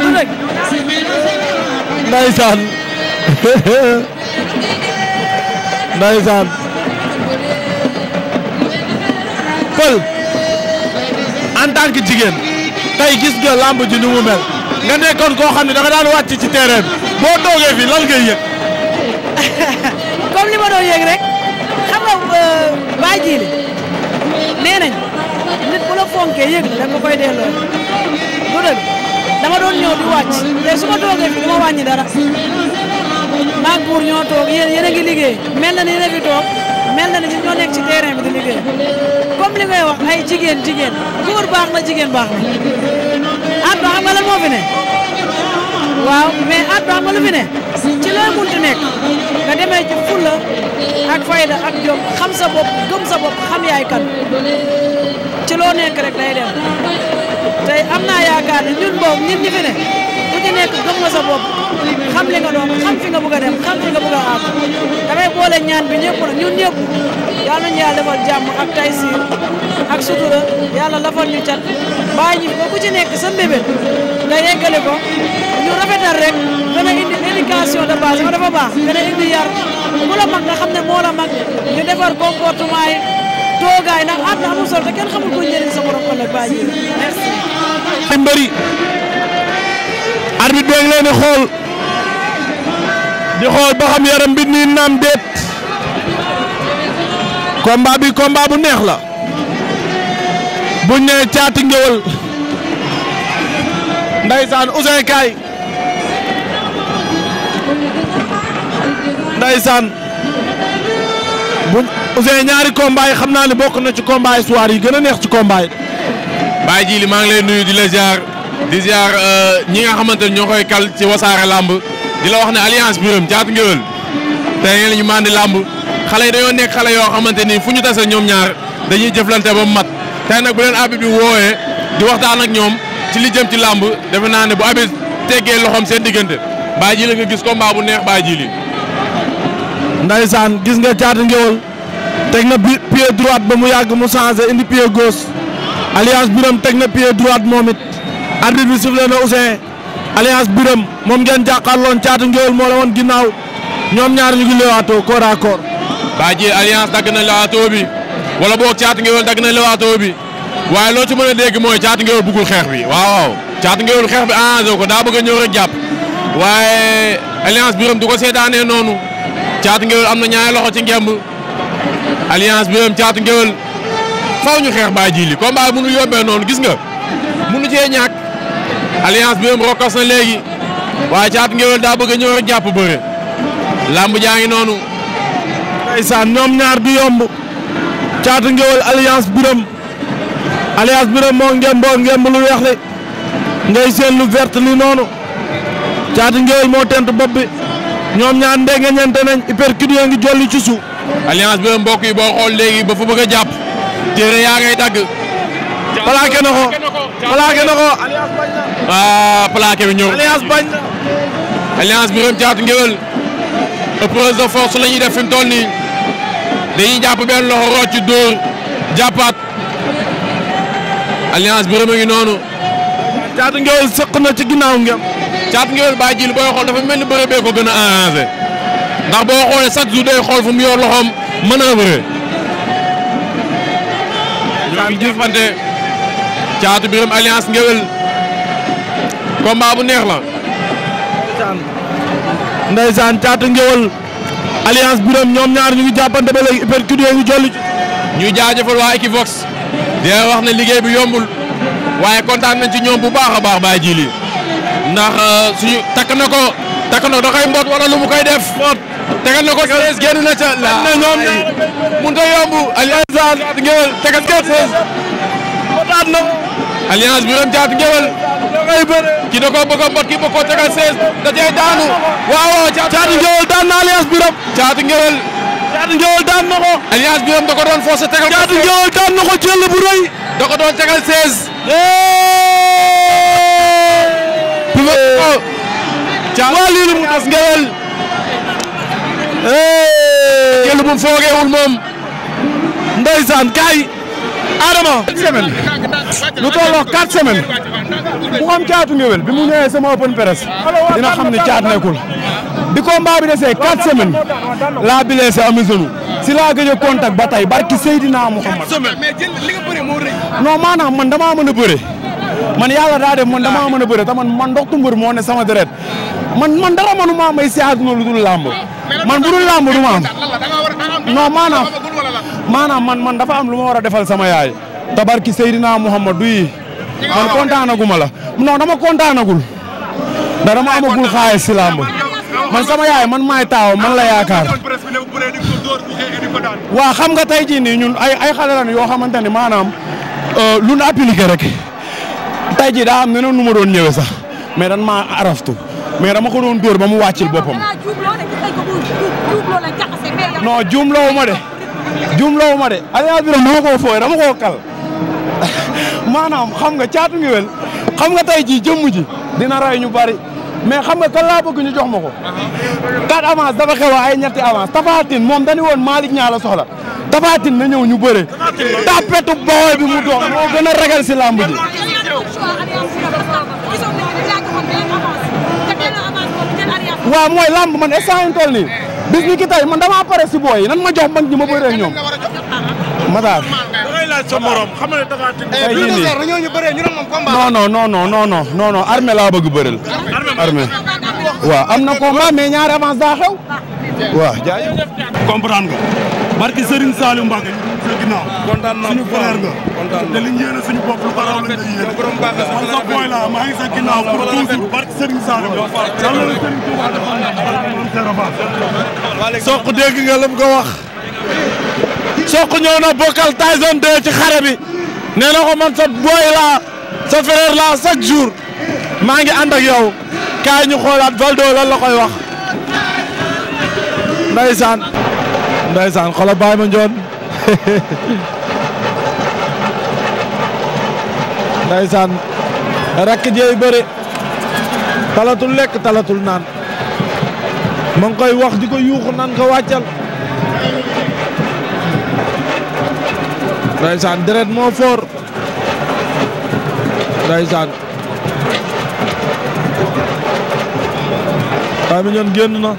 du rek ndeysaan ndeysaan Peul en tant que jigéen tey gis nga lamb ji ni mel nga nekkoon koo xam ne da nga daan wàcc ci terrain bi boo toogee fii lan ngay yëg li ma doon yëg rek xam nga euh, baa fonkee yëg la danga koy delloo du dëgg dama doon ñëw di wàcc te su ma toogee fi dama wàññi dara maa ngi ñoo toog yéen yéen a ngi liggéey mel na ni yéen a toog mel na ni ñun ñoo nekk ci terrain bi di liggéey comme li ngay wax ay jigéen jigéen góor baax na jigéen baax na at ba xam nga lan moo fi ne waaw mais at ba xam nga lu fi ne ci looy munti nekk nga demee ci fulla ak fayda ak jom xam sa bopp gëm sa yaay kan ci loo nekk rek day dem tey am naa yaakaar ne ñun boobu ñun ñi ne ku ci nekk gëm nga sa bopp xam li nga doon xam fi nga bëgg a dem xam fi nga bëgg a àgg boole ñaan bi ñëpp nag ñun ñëpp yàlla nañu yàlla defal jàmm ak taysiir ak sutura yàlla lafal ñu cat bàyyi ñu ba ku ci nekk sa mbébét nga yeggale ko ñu rafetal rek gën a indi éducation de base dafa baax gën a indi yar ku la mag nga xam ne moo la mag ñu defar comportement yi toogaay ndax àdduna amul solo te kenn xamul ko njëriñ sa borom kon nag baa ji merci. ay mbëri arbitre bi ngi leen di xool di xool ba xam yaram bi nii naam déet combat bi combat bu neex la buñ ne caati ngéwël ndaysaan Ousseyn Kaay ndaysaan Ousseyn ñaari combat yi xam naa ne bokk na ci combat yi yi gën a neex ci combat yi. maa ngi lay nuyu di la ziar di ziar euh, ñi nga xamante ne ñoo koy kal ci wasaare lamb di la wax ne alliance Birame Thiatou Nguéweul te ngeen ñu mandi lamb xale yi dañoo nekk xale yoo xamante ni fu ñu tase ñoom ñaar dañuy jëflante ba mat tey nag bu leen abi bi wooyee di waxtaan ak ñoom ci li ci làmb defe naa ne bu abi teggee loxoom seen diggante Baye Djili nga gis combat bu neex Baye Djili. teg na pied droite ba mu yàgg mu changé indi pied gauche alliance biram teg na pied droite moom it arbitre bi sifflé na Ousseyn alliance biram moom ngeen jàkkaarloon caatu ngeewul moo la woon ginnaaw ñoom ñaar ñu ngi leewaatoo corps à corps. baaji alliance dagg na leewaatoo bi wala boog caatu ngeewul dagg na leewaatoo waaye loo ci mën a dégg mooy caatu ngeewul bëggul xeex bi waaw caatu ngeewul xeex bi arrangé ko daa bëgg a ñëw rek waaye alliance biram du ko noonu caatu ngeewul na ñaari loxo ci ngemb. alliance bi yëm caatu ngéwél faw ñu xeex baa ji li combat bi mënul noonu gis nga mënu cee ñàkk alliance bi yëm rokkos na léegi waaye caatu ngéwél daa bëgg a ñëw rek jàpp bëre làmb jaa ngi noonu. ndeysaan ñoom ñaar du yomb caatu ngéwél alliance biram alliance biram moo ngemb lu weex li ngay seen lu verte li noonu caatu ngéwél moo tent bopp ñoom ñaar ndengeñante nañ hypercute ngi jolli ci suuf. alliance bi mbokk yi boo léegi ba fa bëgg a jàpp téere yaa ngay dagg. plaqué na ko plaqué na ko. Ah, bi ñëw. alliance bañ na. alliance bi rëm caatu ngéwél épreuve de force def fi mu toll nii dañuy jàpp benn loxo rocc dóor jàppaat alliance bi a ngi noonu. caatu ngéwél sëq na ci ginnaaw ngem. caatu ngéwél baa jiil booy dafa mel ni bërëbee ko gën a arrangé. ndax boo xoolee chaque jour day xool fu mu yor loxoom manœuvre. ñoo ngi jëfante caatu biram alliance ngewel combat bu neex la. ndeysaan caatu ngewel alliance biram ñoom ñaar ñu ngi jàppante ba léegi uppercut yooyu ngi jolli. ñuy jaajëfal waa Equivox. wax ne liggéey bi yombul. waaye kontaan nañ ci ñoom bu baax a baax baa jili ndax euh, suñu takk na ko takk na da koy mboot wala lu mu koy def mboot. tegal na ko 16 génn na ca la na ñoom mënut a yomb alliance ngewel ki da ko bëgg a mbot ki bëgg ko tegal 16 da cay daanu waaw waaw ngewel daan na alliance bi rab ngewel jaat ngewel daan na ko alliance na ko jël waa lii ngewel jël bu foogeewul moom ndeysaan kaay Adama. lu tolloo 4 semaines bu xam caatu ngewel bi mu ñëwee sama open press dina xam ne caat nekkul bi combat bi desee 4 semaines laa bi leesee amusonu si laa gëj a contact ba tey barki Seydina Mouhamad non maanaam man damaa mën a bëre. man yàlla daa def man damaa mën a bëre te man man ndoxtu mbër moo sama deret man man dara manu maa may si àdduna lu dul làmb man bu dul làmb du maanaam maanaam man man dafa am lu ma war a defal sama yaay tabarki Seydina Mouhamadou yi man kontaanaguma la non dama kontaanagul da dama amagul xaalis si làmb man sama yaay man maay taaw man la yaakaar waa xam nga tey jii nii ñun ay ay xale lan yoo xamante ni maanaam euh, lu nu appliqué rek tey jii daa am neneen nu ma doon ñëwee sax mais dan maa araftu mais dama ko doon dóor ba mu wàccil boppam. non juumloo ma de juumloo ma de Alliance Birame dama koo fooy dama koo kal maanaam xam nga caatu ngewel xam nga tey jii jëmm ji dina ray ñu bari mais xam nga kan laa bëgg ñu jox ma ko. quatre avance dafa xew ay ñetti avance Tafatine moom dañu woon Malick ñaa la soxla Tafatine na ñëw ñu bëre. tapetu booy bi mu doon moo gën a ragal si làmb waaw mooy lamb man instant yi bis ni ki man damaa pare si booy nan ma jox mag ñi ma ñoom. Matar. dangay laaj sa morom xam nga dafa eh, laa bëgg bëreel. armée waaw am na combat mais ñaari avance daa xew. waaw jaajëf comprendre barki Serigne Saliou sa ginnaaw kontaan naa suñu frère nga sa boy soq dégg nga lam ko wax soq ñëw na bokkal Tyson 2 ci xare bi nee na ko man sa boy la sa frère la chaque maa ngi ànd ak yow kaay xoolaat Valdo lan la koy wax ndeysaan ndeysaan xoolal baay ma njoon ndeysaan rakk jeey bëri talatul lekk talatul naan ma ngi koy wax di ko yuuxu nan ko wàccal ndeysaan deret moo foor ndeysaan baay ma njoon génn na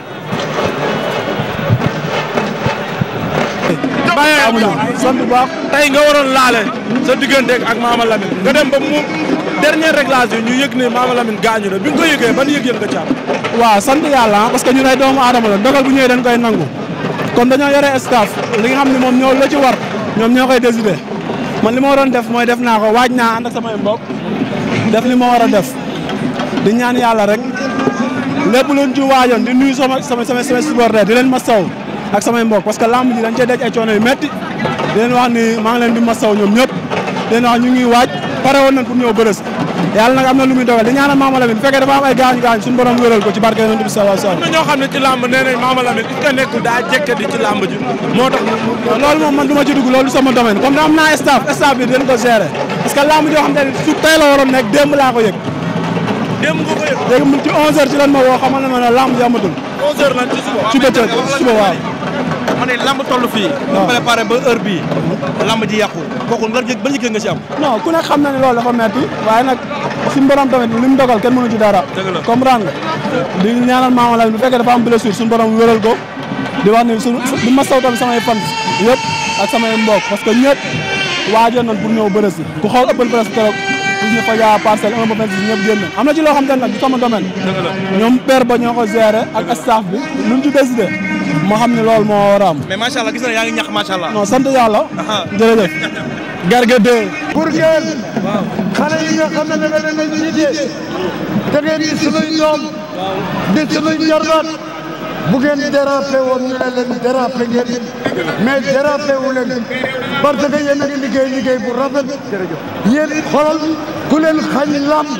amul sant bu baax tey nga waroon laale sa diggante ak Mama Lamine nga dem ba mu dernier réglage yi ñu yëg ne Mama Lamine gaañu na bi nga ko yëgee ban yëg-yëg nga ci am waaw sant yàlla parce que ñun ay doomu aadama la dogal bu ñëwee dañ koy nangu kon dañoo yore staff li nga xam ne moom ñoo la ci war ñoom ñoo koy décider man li ma waroon def mooy def naa ko waaj na ànd samay mbokk def ni moo war a def di ñaan yàlla rek lépp luñ ci waajoon di nuyu sama sama sama supporter di leen ma saw ak samay mbokk parce que lamb ji dañ cee daj ay coono yu métti di wax ni maa leen di masaw ñoom ñëpp di wax ñu ngi waaj pare woon nañ pour ñëw bërës yàlla nag am na lu muy dogal di ñaanal Mama Lamine bu fekkee am ay gaañ suñu borom wéral ko ci barke yonent bi sallallahu alayhi ñoo xam ne ci lamb nee nañ Mama Lamine it ci lamb ji moo tax ma ci dugg loolu sama domaine comme da am naa staff staff bi dañ ko gérer parce que lamb joo xam te ne su tey la waroon laa ko yëg démb nga ko ma ne lamb toll fii. waaw préparé ba heure bii. lamb ji yàqu kooku nga jë ba njëkkee nga si am. non ku ne xam na ne loolu dafa metti waaye nag suñu borom tamit li mu dogal kenn mënu ci dara. dëgg la di ñaanal maama la fekkee dafa am blessure suñu borom wéral ko di wax ni suñu di samay fan yëpp ak samay mbokk parce que ñëpp waajoon nañ pour ñëw bëre ku xool ëppal bëre si ñu fa yaa parcelle 1 ba 26 ñëpp génn am na ci loo xam te nag du sama ma xam ne loolu moo war a am. mais macha allah gis na yaa yi nga xam ne da ngeen a jiite. da ngeen di suñuy doom. di suñuy jarbaat. bu ngeen dérapé woon ñu ne leen dérapé ngeen. mais dérapé wu leen. parce que yéen a ngi liggéey liggéey bu rafet. yéen xoolal ku leen xañ lamb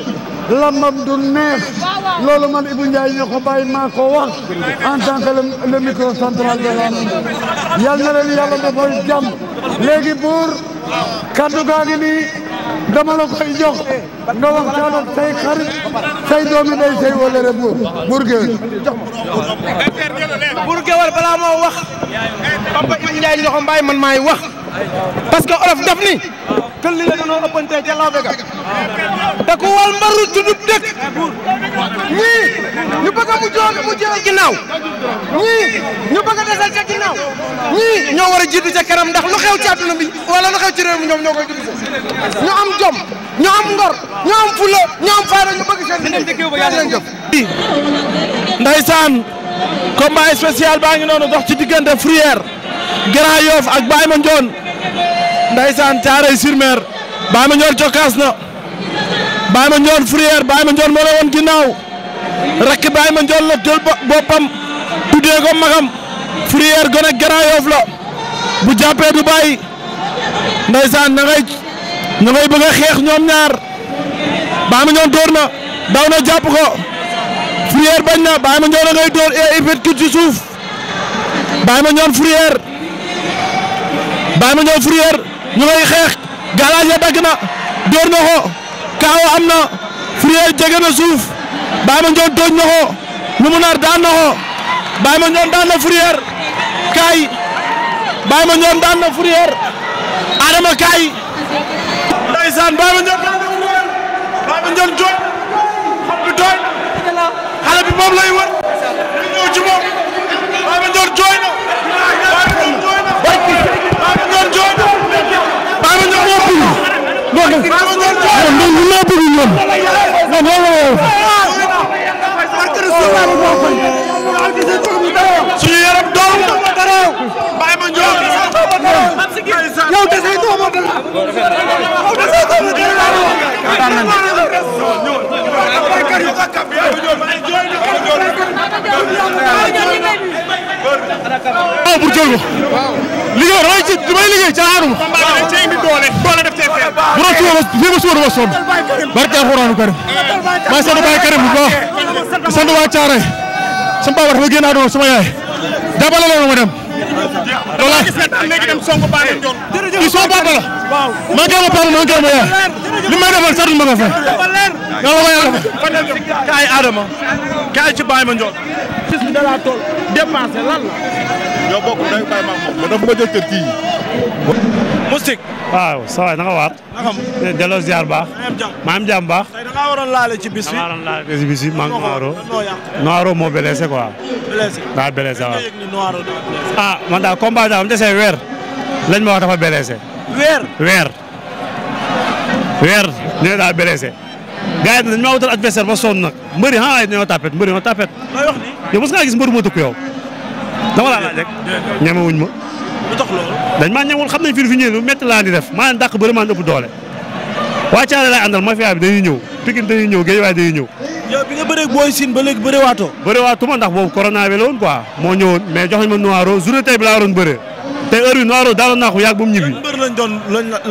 lambam du neex. loolu man Ibou Ndiaye ñoo ko bàyyi maa ko wax en le micro de la yal na leen yàlla defal jàmm léegi buur kaddu gaa ngi nii dama la koy jox nga waxtaan ak say xarit say doomi day say wala buur buur géwél buur balaa moo wax papa Ibou Ndiaye ñoo man maay wax parce que olof daf ni kël li la dañoo ëppante ca lawbe ga te ku wal mbaru tudub dëkk ñii ñu bëgg mu joon mu jël ginnaaw ñii ñu bëgg a ca ginnaaw ñii ñoo war a jiitu ca kanam ndax lu xew ci àdduna bi wala lu xew ci réew mi ñoom ñoo koy dugg ñu am jom ñu am ngor ñu am fulla ñu am faayda ñu bëgg seen leen jëf ndeysaan combat spécial baa ngi noonu dox ci diggante Fourrière Grand Yoff ak Baye Mandione ndaysaan Thiaroye sur Mer Baye Mandione cokkaas na Baye Mandione Fourrière Baye Mandione moo la woon ginnaaw rakk Baye Mandione la jël boppam tuddee ko magam Fourrière gone Grand Yoff la bu jàppee du bàyyi ndaysaan na ngay na xeex ñoom ñaar ma Mandione door na daw na jàpp ko Fourrière bañ na Baye Mandione ngay door et eh, ipet ki ci suuf Baye Mandione Fourrière bàyyi ma ñëw Fourrière ñu ngay xeex galaas ya dagg na door kaawa am na Fourrière jege na suuf bàyyi ma ñëw tooñ na ko lu mu nar daan ma ñëw daan na Fourrière kaay ma ñëw daan na Adama kaay ndeysaan bàyyi ma ma ñëw jooy xale bi tooñ lay wër non non non ñu laa bëgg ñoom non non non suñu yaram doom bàyyi ma njool yow dese yi doomu dara yow dese yi doomu dara waaw pour jël ko liggéey damay ci damay liggéey caaxaanuma doole def ci affaire bu ma suba fii ma suba dama sonn barke alxuraanu karim maa sant Baye Karim bu baax sant waa Thiaroye sama papa dafa génn àdduna sama yaay jàppale loolu ma dem voilà. kii sama papa la. maa ngi koy papa maa ngi koy yaay. li may defal seetlu ma ko fay. nga ma ko yàlla fay. kaay Adama. kaay ci bàyyi ma njool. gis nga la tool dépensé lan la. ñoo bokk ndeyu baay maam moom. ba dafa ma jël kër kii. Moustique. waaw sa waay na nga na xam delloo ziar baax. maa am jàmm baax. tey da ngaa waroon laale ci bis bi. da ngaa waroon laale daa blessé ah, man daal combat daal am desee ma wax dafa blessé. weer weer. weer nee daa blessé. gars yi dañ ma wutal adversaire ba sonn nag mbëri ah ay nañoo tapet mbëri ma tapet. looy wax nii gis mbëri moo dëkk dama laa laaj rek. ñemewuñ ma. lu tax loolu. dañ maa ñemewul xam nañ fi fi ñëwee lu métti laa di def maa leen dàq bëri maa leen ëpp doole. waa Thialé laay àndal mafia bi dañuy ñëw Pikine dañuy ñëw Guédiawaye dañuy ñëw. yow bi nga bëree booy siin ba léegi bëree waatu ma ndax boobu corona bi la woon quoi moo ñëwoon mais jox nañ ma noiro journée tey bi laa waroon bëree tey heure bi noiro daaloon naa ko yàgg ba mu ñibbi. mbër lañ doon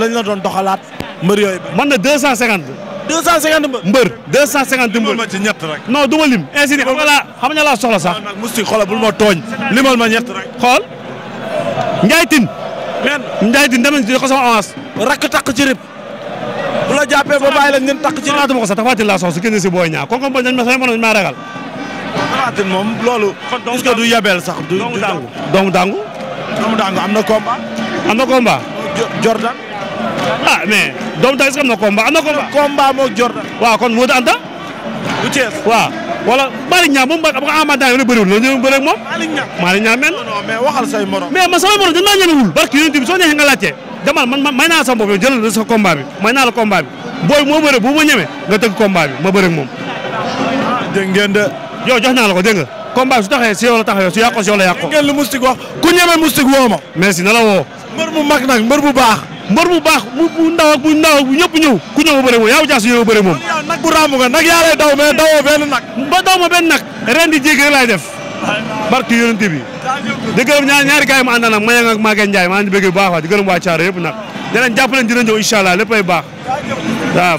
lañ la doon doxalaat mbër yooyu. man na 250 250 mbër. mbër 250 mbër. ma ci ñett rek. non du ma lim. insi xam nga laa xam nga laa soxla sax. waaw nag Moustique xoolal bul ma tooñ. limal ma ñett rek. xool Ndiaye Tine. lenn Ndiaye Tine dem nañ ci ko sama avance. rakk takk ci rëb. bu la jàppee ba bàyyi la ngeen takk ci rëb. xalaatuma ko sax taxawaatil laa soxla si génn si booy ñaar kon comme dañ ma sama mënoon maa ragal. taxawaatil moom loolu. est-ce que du yabeel sax du doomu dangu doomu dangu. doomu dangu am na combat. am na combat. Jordan. ah mais doomu Taïs am na combat am na combat. combat moog Jordan. kon moo di Anta. du Thiès waaw. wala Malick Niang moom xam nga Ama Daan bëriwul loolu ñëw bëri ak moom. Malick Niang Malick Niang men. non non mais waxal say morom. mais man sama morom dañ maa ñemewul. barke yonent soo neexee nga laajte demal man man may naa la sama bopp yow naa la combat bi booy moo bëre bu ma ñeme nga tëgg combat ma bëre ak moom. Ah, dégg ngeen de. yow jox naa la ko dégg nga combat bi su taxee si yow la taxee su yàqoo si yow la na la woo. mbër bu mag nag mbër bu baax mbor bu baax mu bu ndaw ak bu ndaw bu ñëpp ñëw ku ñëw bëre moom yaaw jaas yow bëre moom nag bu ràmb nga nag yaa lay daw mais dawoo benn nag ba daw ma benn nag ren di jéeg rek laay def barki yonente bi di gërëm ñaar ñaari gars yi ma ànda nag Mayang ak Maguette Ndiaye maa ngi bëgg baax waa di gërëm waa Thiaré yëpp nag ñeneen jàpp leen dina ñëw incha allah léppay baax waaw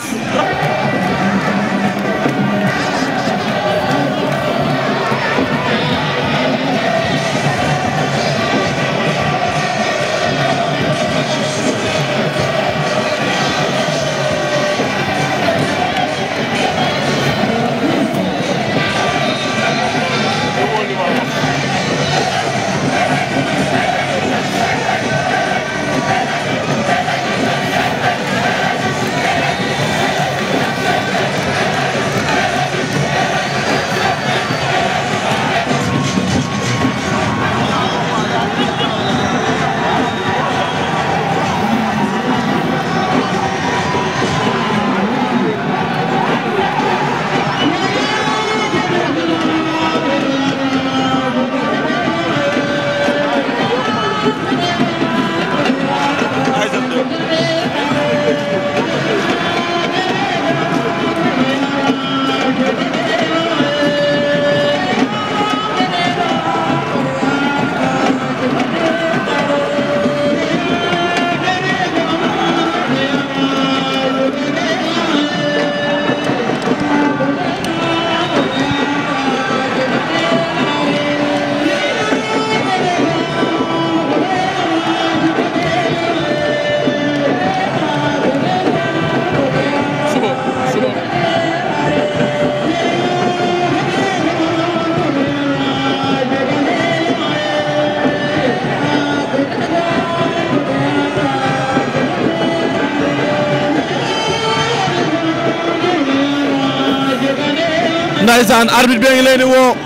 ndeysaan arbitre bi ngi leen woo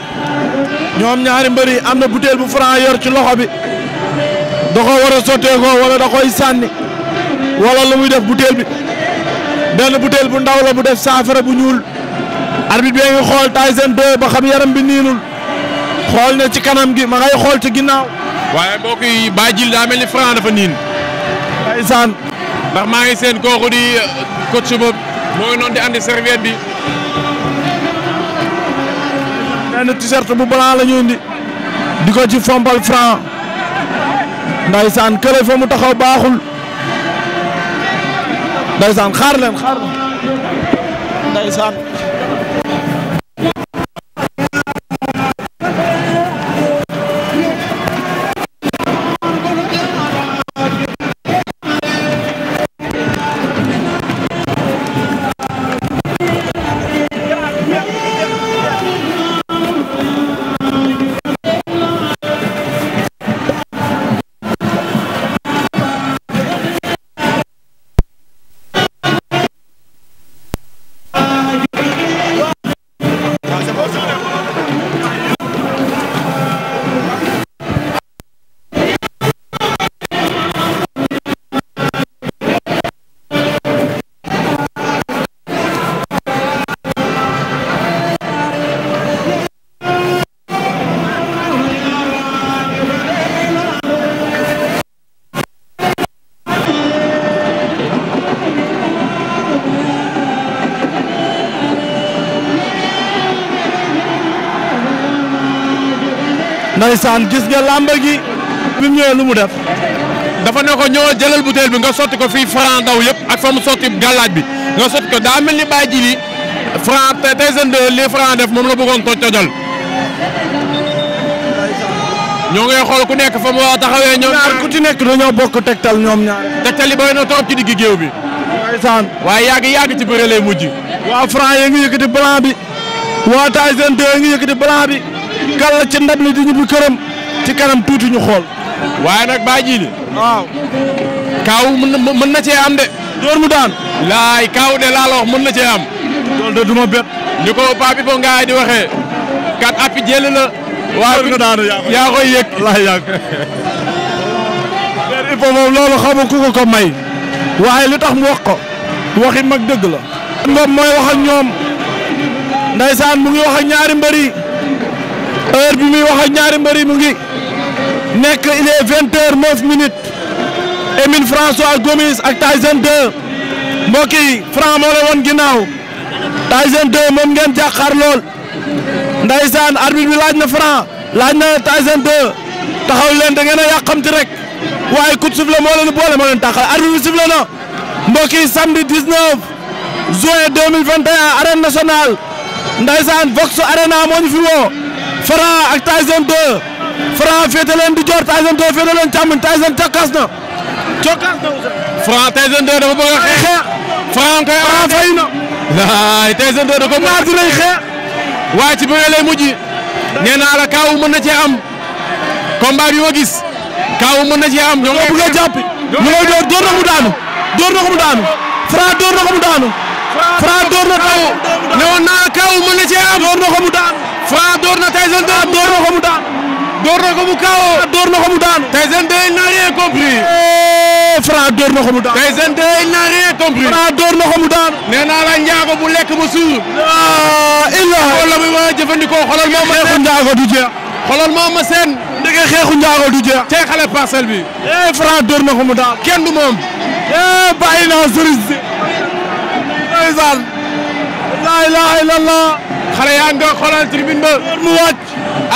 ñoom ñaari mbër yi am na butéel bu Franc yor ci loxo bi da koo sotteekoo wala da koy sànni wala lu muy def butéel bi benn butéel bu ndaw bu def saafara bu ñuul arbitre bi ngi xool Tyson 2 ba xam yaram bi niinul xool na ci kanam gi ma ngay xool ci ginnaaw. waaye mbokk yi baa daa mel ni Franc dafa niin. ndeysaan. ndax maa ngi seen kooku di coach ba mooy noonu di andi serviette bi. benn t-shirt bu blanc la ñu indi di ko ci fompal franc ndaysaan kële fa mu taxaw baaxul ndaysaan xaar leen xaar leen ndeysaan gis nga làmb gi bi mu ñëwee lu mu def dafa ne ko ñëw jëlal butéel bi nga sotti ko fii Franc daw yëpp ak fa mu sotti gàllaaj bi nga sotti ko daa mel ni bàyyi ji li Franc Tyson 2 li Franc def moom la bëggoon toj tojal ñoo ngay xool ku nekk fa mu taxawee ñoom ñaar ku ci nekk dañoo bokk tegtal ñoom ñaar tegtal yi booy na trop ci digg géew bi ndeysaan waaye yàgg yàgg ci bëre mujj waa Franc yi ngi yëkkati blanc bi waa Tyson 2 ngi yëkkati blanc bi gàll ci ndab li di ñibbi këram ci kanam tuuti ñu xool. waaye nag baa ji li waaw. kaaw mën na cee am de. door mu daan. laay kaaw de laa la mën na cee am. loolu de du ma bet. ni ko Pape Ibo Ngaye di waxee. kat api jël la. waaw nga daanu yaa koy yëg laay yàgg. Père Ibo moom loolu xamu ku ko ko may. waaye li tax mu wax ko. waxi mag dëgg la. moom mooy wax ak ñoom. ndaysaan mu ngi wax ñaari mbër heure bi muy wax ak ñaari mbëri mu ngi nekk il est vingt heures neuf minutes Émile François Gomis ak Tyson 2 mbokk yi Franc moo la woon ginnaaw Tyson 2 moom ngeen jàkkaar lool ndaysaan arbitre bi laaj na Franc laaj na Tyson 2 taxaw leen da ngeen a yàqamti rek waaye coup de sifflet moo leen boole moo leen taxal arbitre bi sifflet na mbokk yi samedi 19 juin 2021 arène nationale ndaysaan Vox Arena moo ñu fi woo Franc ak Tyson 2 a féete leen di joor Tyson 2 a leen càmmoñ Tyson cokkaas na cokkaas na. Franc Tyson 2 dafa bëgg a xeex. Franc koy Franc fay na. laay Tyson da ko ñaar dinañ xeex. waaye ci bëre lay mujj nee naa kaawu mën na cee am combat bi ma gis kaawu mën na cee am. ñoo ngi bëgg a jàpp mu lay door door na mu daanu door na ko daanu Franc door na ko daanu. Franc door na kaawu daanu. Franc door na Tyson ko mu daan. door ko mu kaawoo. door na ko mu daan. Tyson 2 eh, ko mu daan. Tyson 2 il bu lekk mu suur. illa wala muy wax jëfandikoo xolal ma seen xeexu njaago du jeex. xolal moo ma seen. ndege bi. Eh, Franc door na ko mu daan. kenn du moom. Eh, bàyyi naa sëriñ si. ndeysaan. la xale yaa nga xoolal tribune ba. mu wàcc.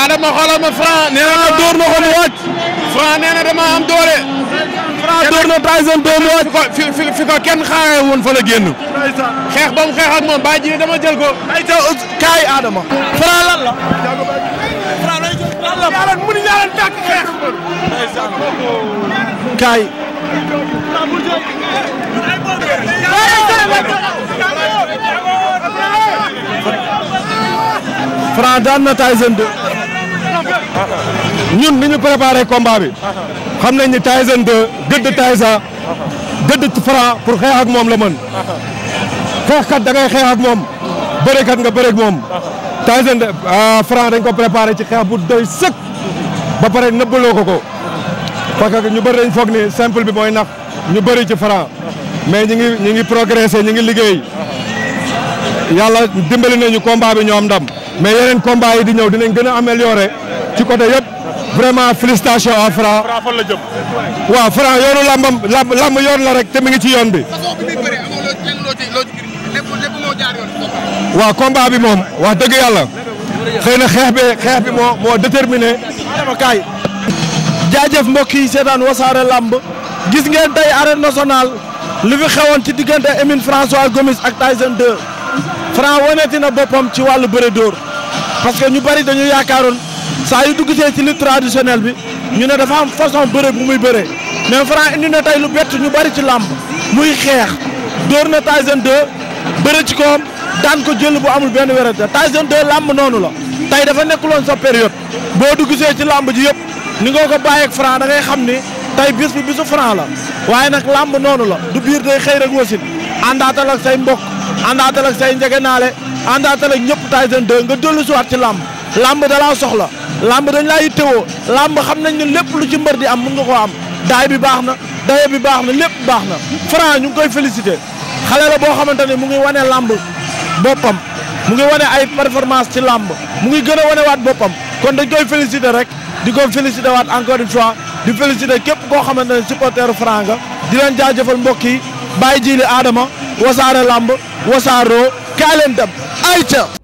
Adama xoolal ma Franc nee na ma mu wàcc. Franc nee dama am doole. Franc door na Tyson fi fi fi ko kenn xaaree xeex ba mu xeex ak moom ji dama jël ko. ayca Adama. Franc lan Franc daan na Tyson 2. ñun ni ñu préparé combat bi. xam nañ ni Tyson 2 gëdd Tyson. gëdd Franc pour xeex moom la mën. xeexkat da ngay xeex ak moom. bërekat nga bëreeg moom. Tyson 2 ah, Franc dañ ko préparé ci xeex bu doy sëkk. ba pare nëbbaloo ko ko. parce que ñu bëri dañ foog ni simple bi mooy nax ñu bëri ci Franc. mais ñi ngi ñi ngi progressé ñi ngi liggéey. yàlla dimbali nañu combat bi ñu am ndam. mais yeneen combat yi di ñëw dinañ gën a ci côté yëpp vraiment félicitations à Franc. Franc fan la jëm. waaw Franc yoonu lambam lamb lamb yoon la rek te mi ngi ci yoon bi. waaw combat bi moom wax dëgg yàlla xëy xeex bi xeex bi moo moo déterminé. kay jaajëf mbokk yi seetaan wasaare lamb gis ngeen tey arène nationale li fi xewoon ci diggante Emile François Gomis ak Tyson Franc wanati na boppam ci wàllu bëre dóor parce que ñu bari dañu yaakaaroon saa yu dugg see ci lutte traditionnelle bi ñu ne dafa am façon bëre bu muy bëre mais Franc indi na tey lu bett ñu bari ci làmb muy xeex dóor na Tyson 2 bëre ci koom daan ko jël bu amul benn wérante Tyson 2 làmb noonu la tey dafa nekkuloon sa période boo dugg see ci làmb ji yëpp ni nga ko bàyyeeg Franc da ngay xam ni tey bis bi bisu Franc la waaye nag làmb noonu la du biir day xëy rek wasin àndaatal ak say mbokk. àndaatal ak say njegenaale àndaatal ak ñëpp Tyson 2 nga dellu si waat ci làmb làmb dalaa soxla làmb dañ laa yittewoo làmb xam nañ ne lépp lu ci mbër di am mën nga ko am daay bi baax na daye bi baax na lépp baax na Franc ñu ngi koy félicité xale la boo xamante ne mu ngi wane làmb boppam mu ngi wane ay performance ci làmb mu ngi gën a wane waat boppam kon dañ koy félicité rek di ko félicité waat encore une fois di félicité képp koo xamante ne supporter Franc nga di leen mbokk yi bàyyi jiili aadama wasaare làmb wasaaroo kaa leen dem ayca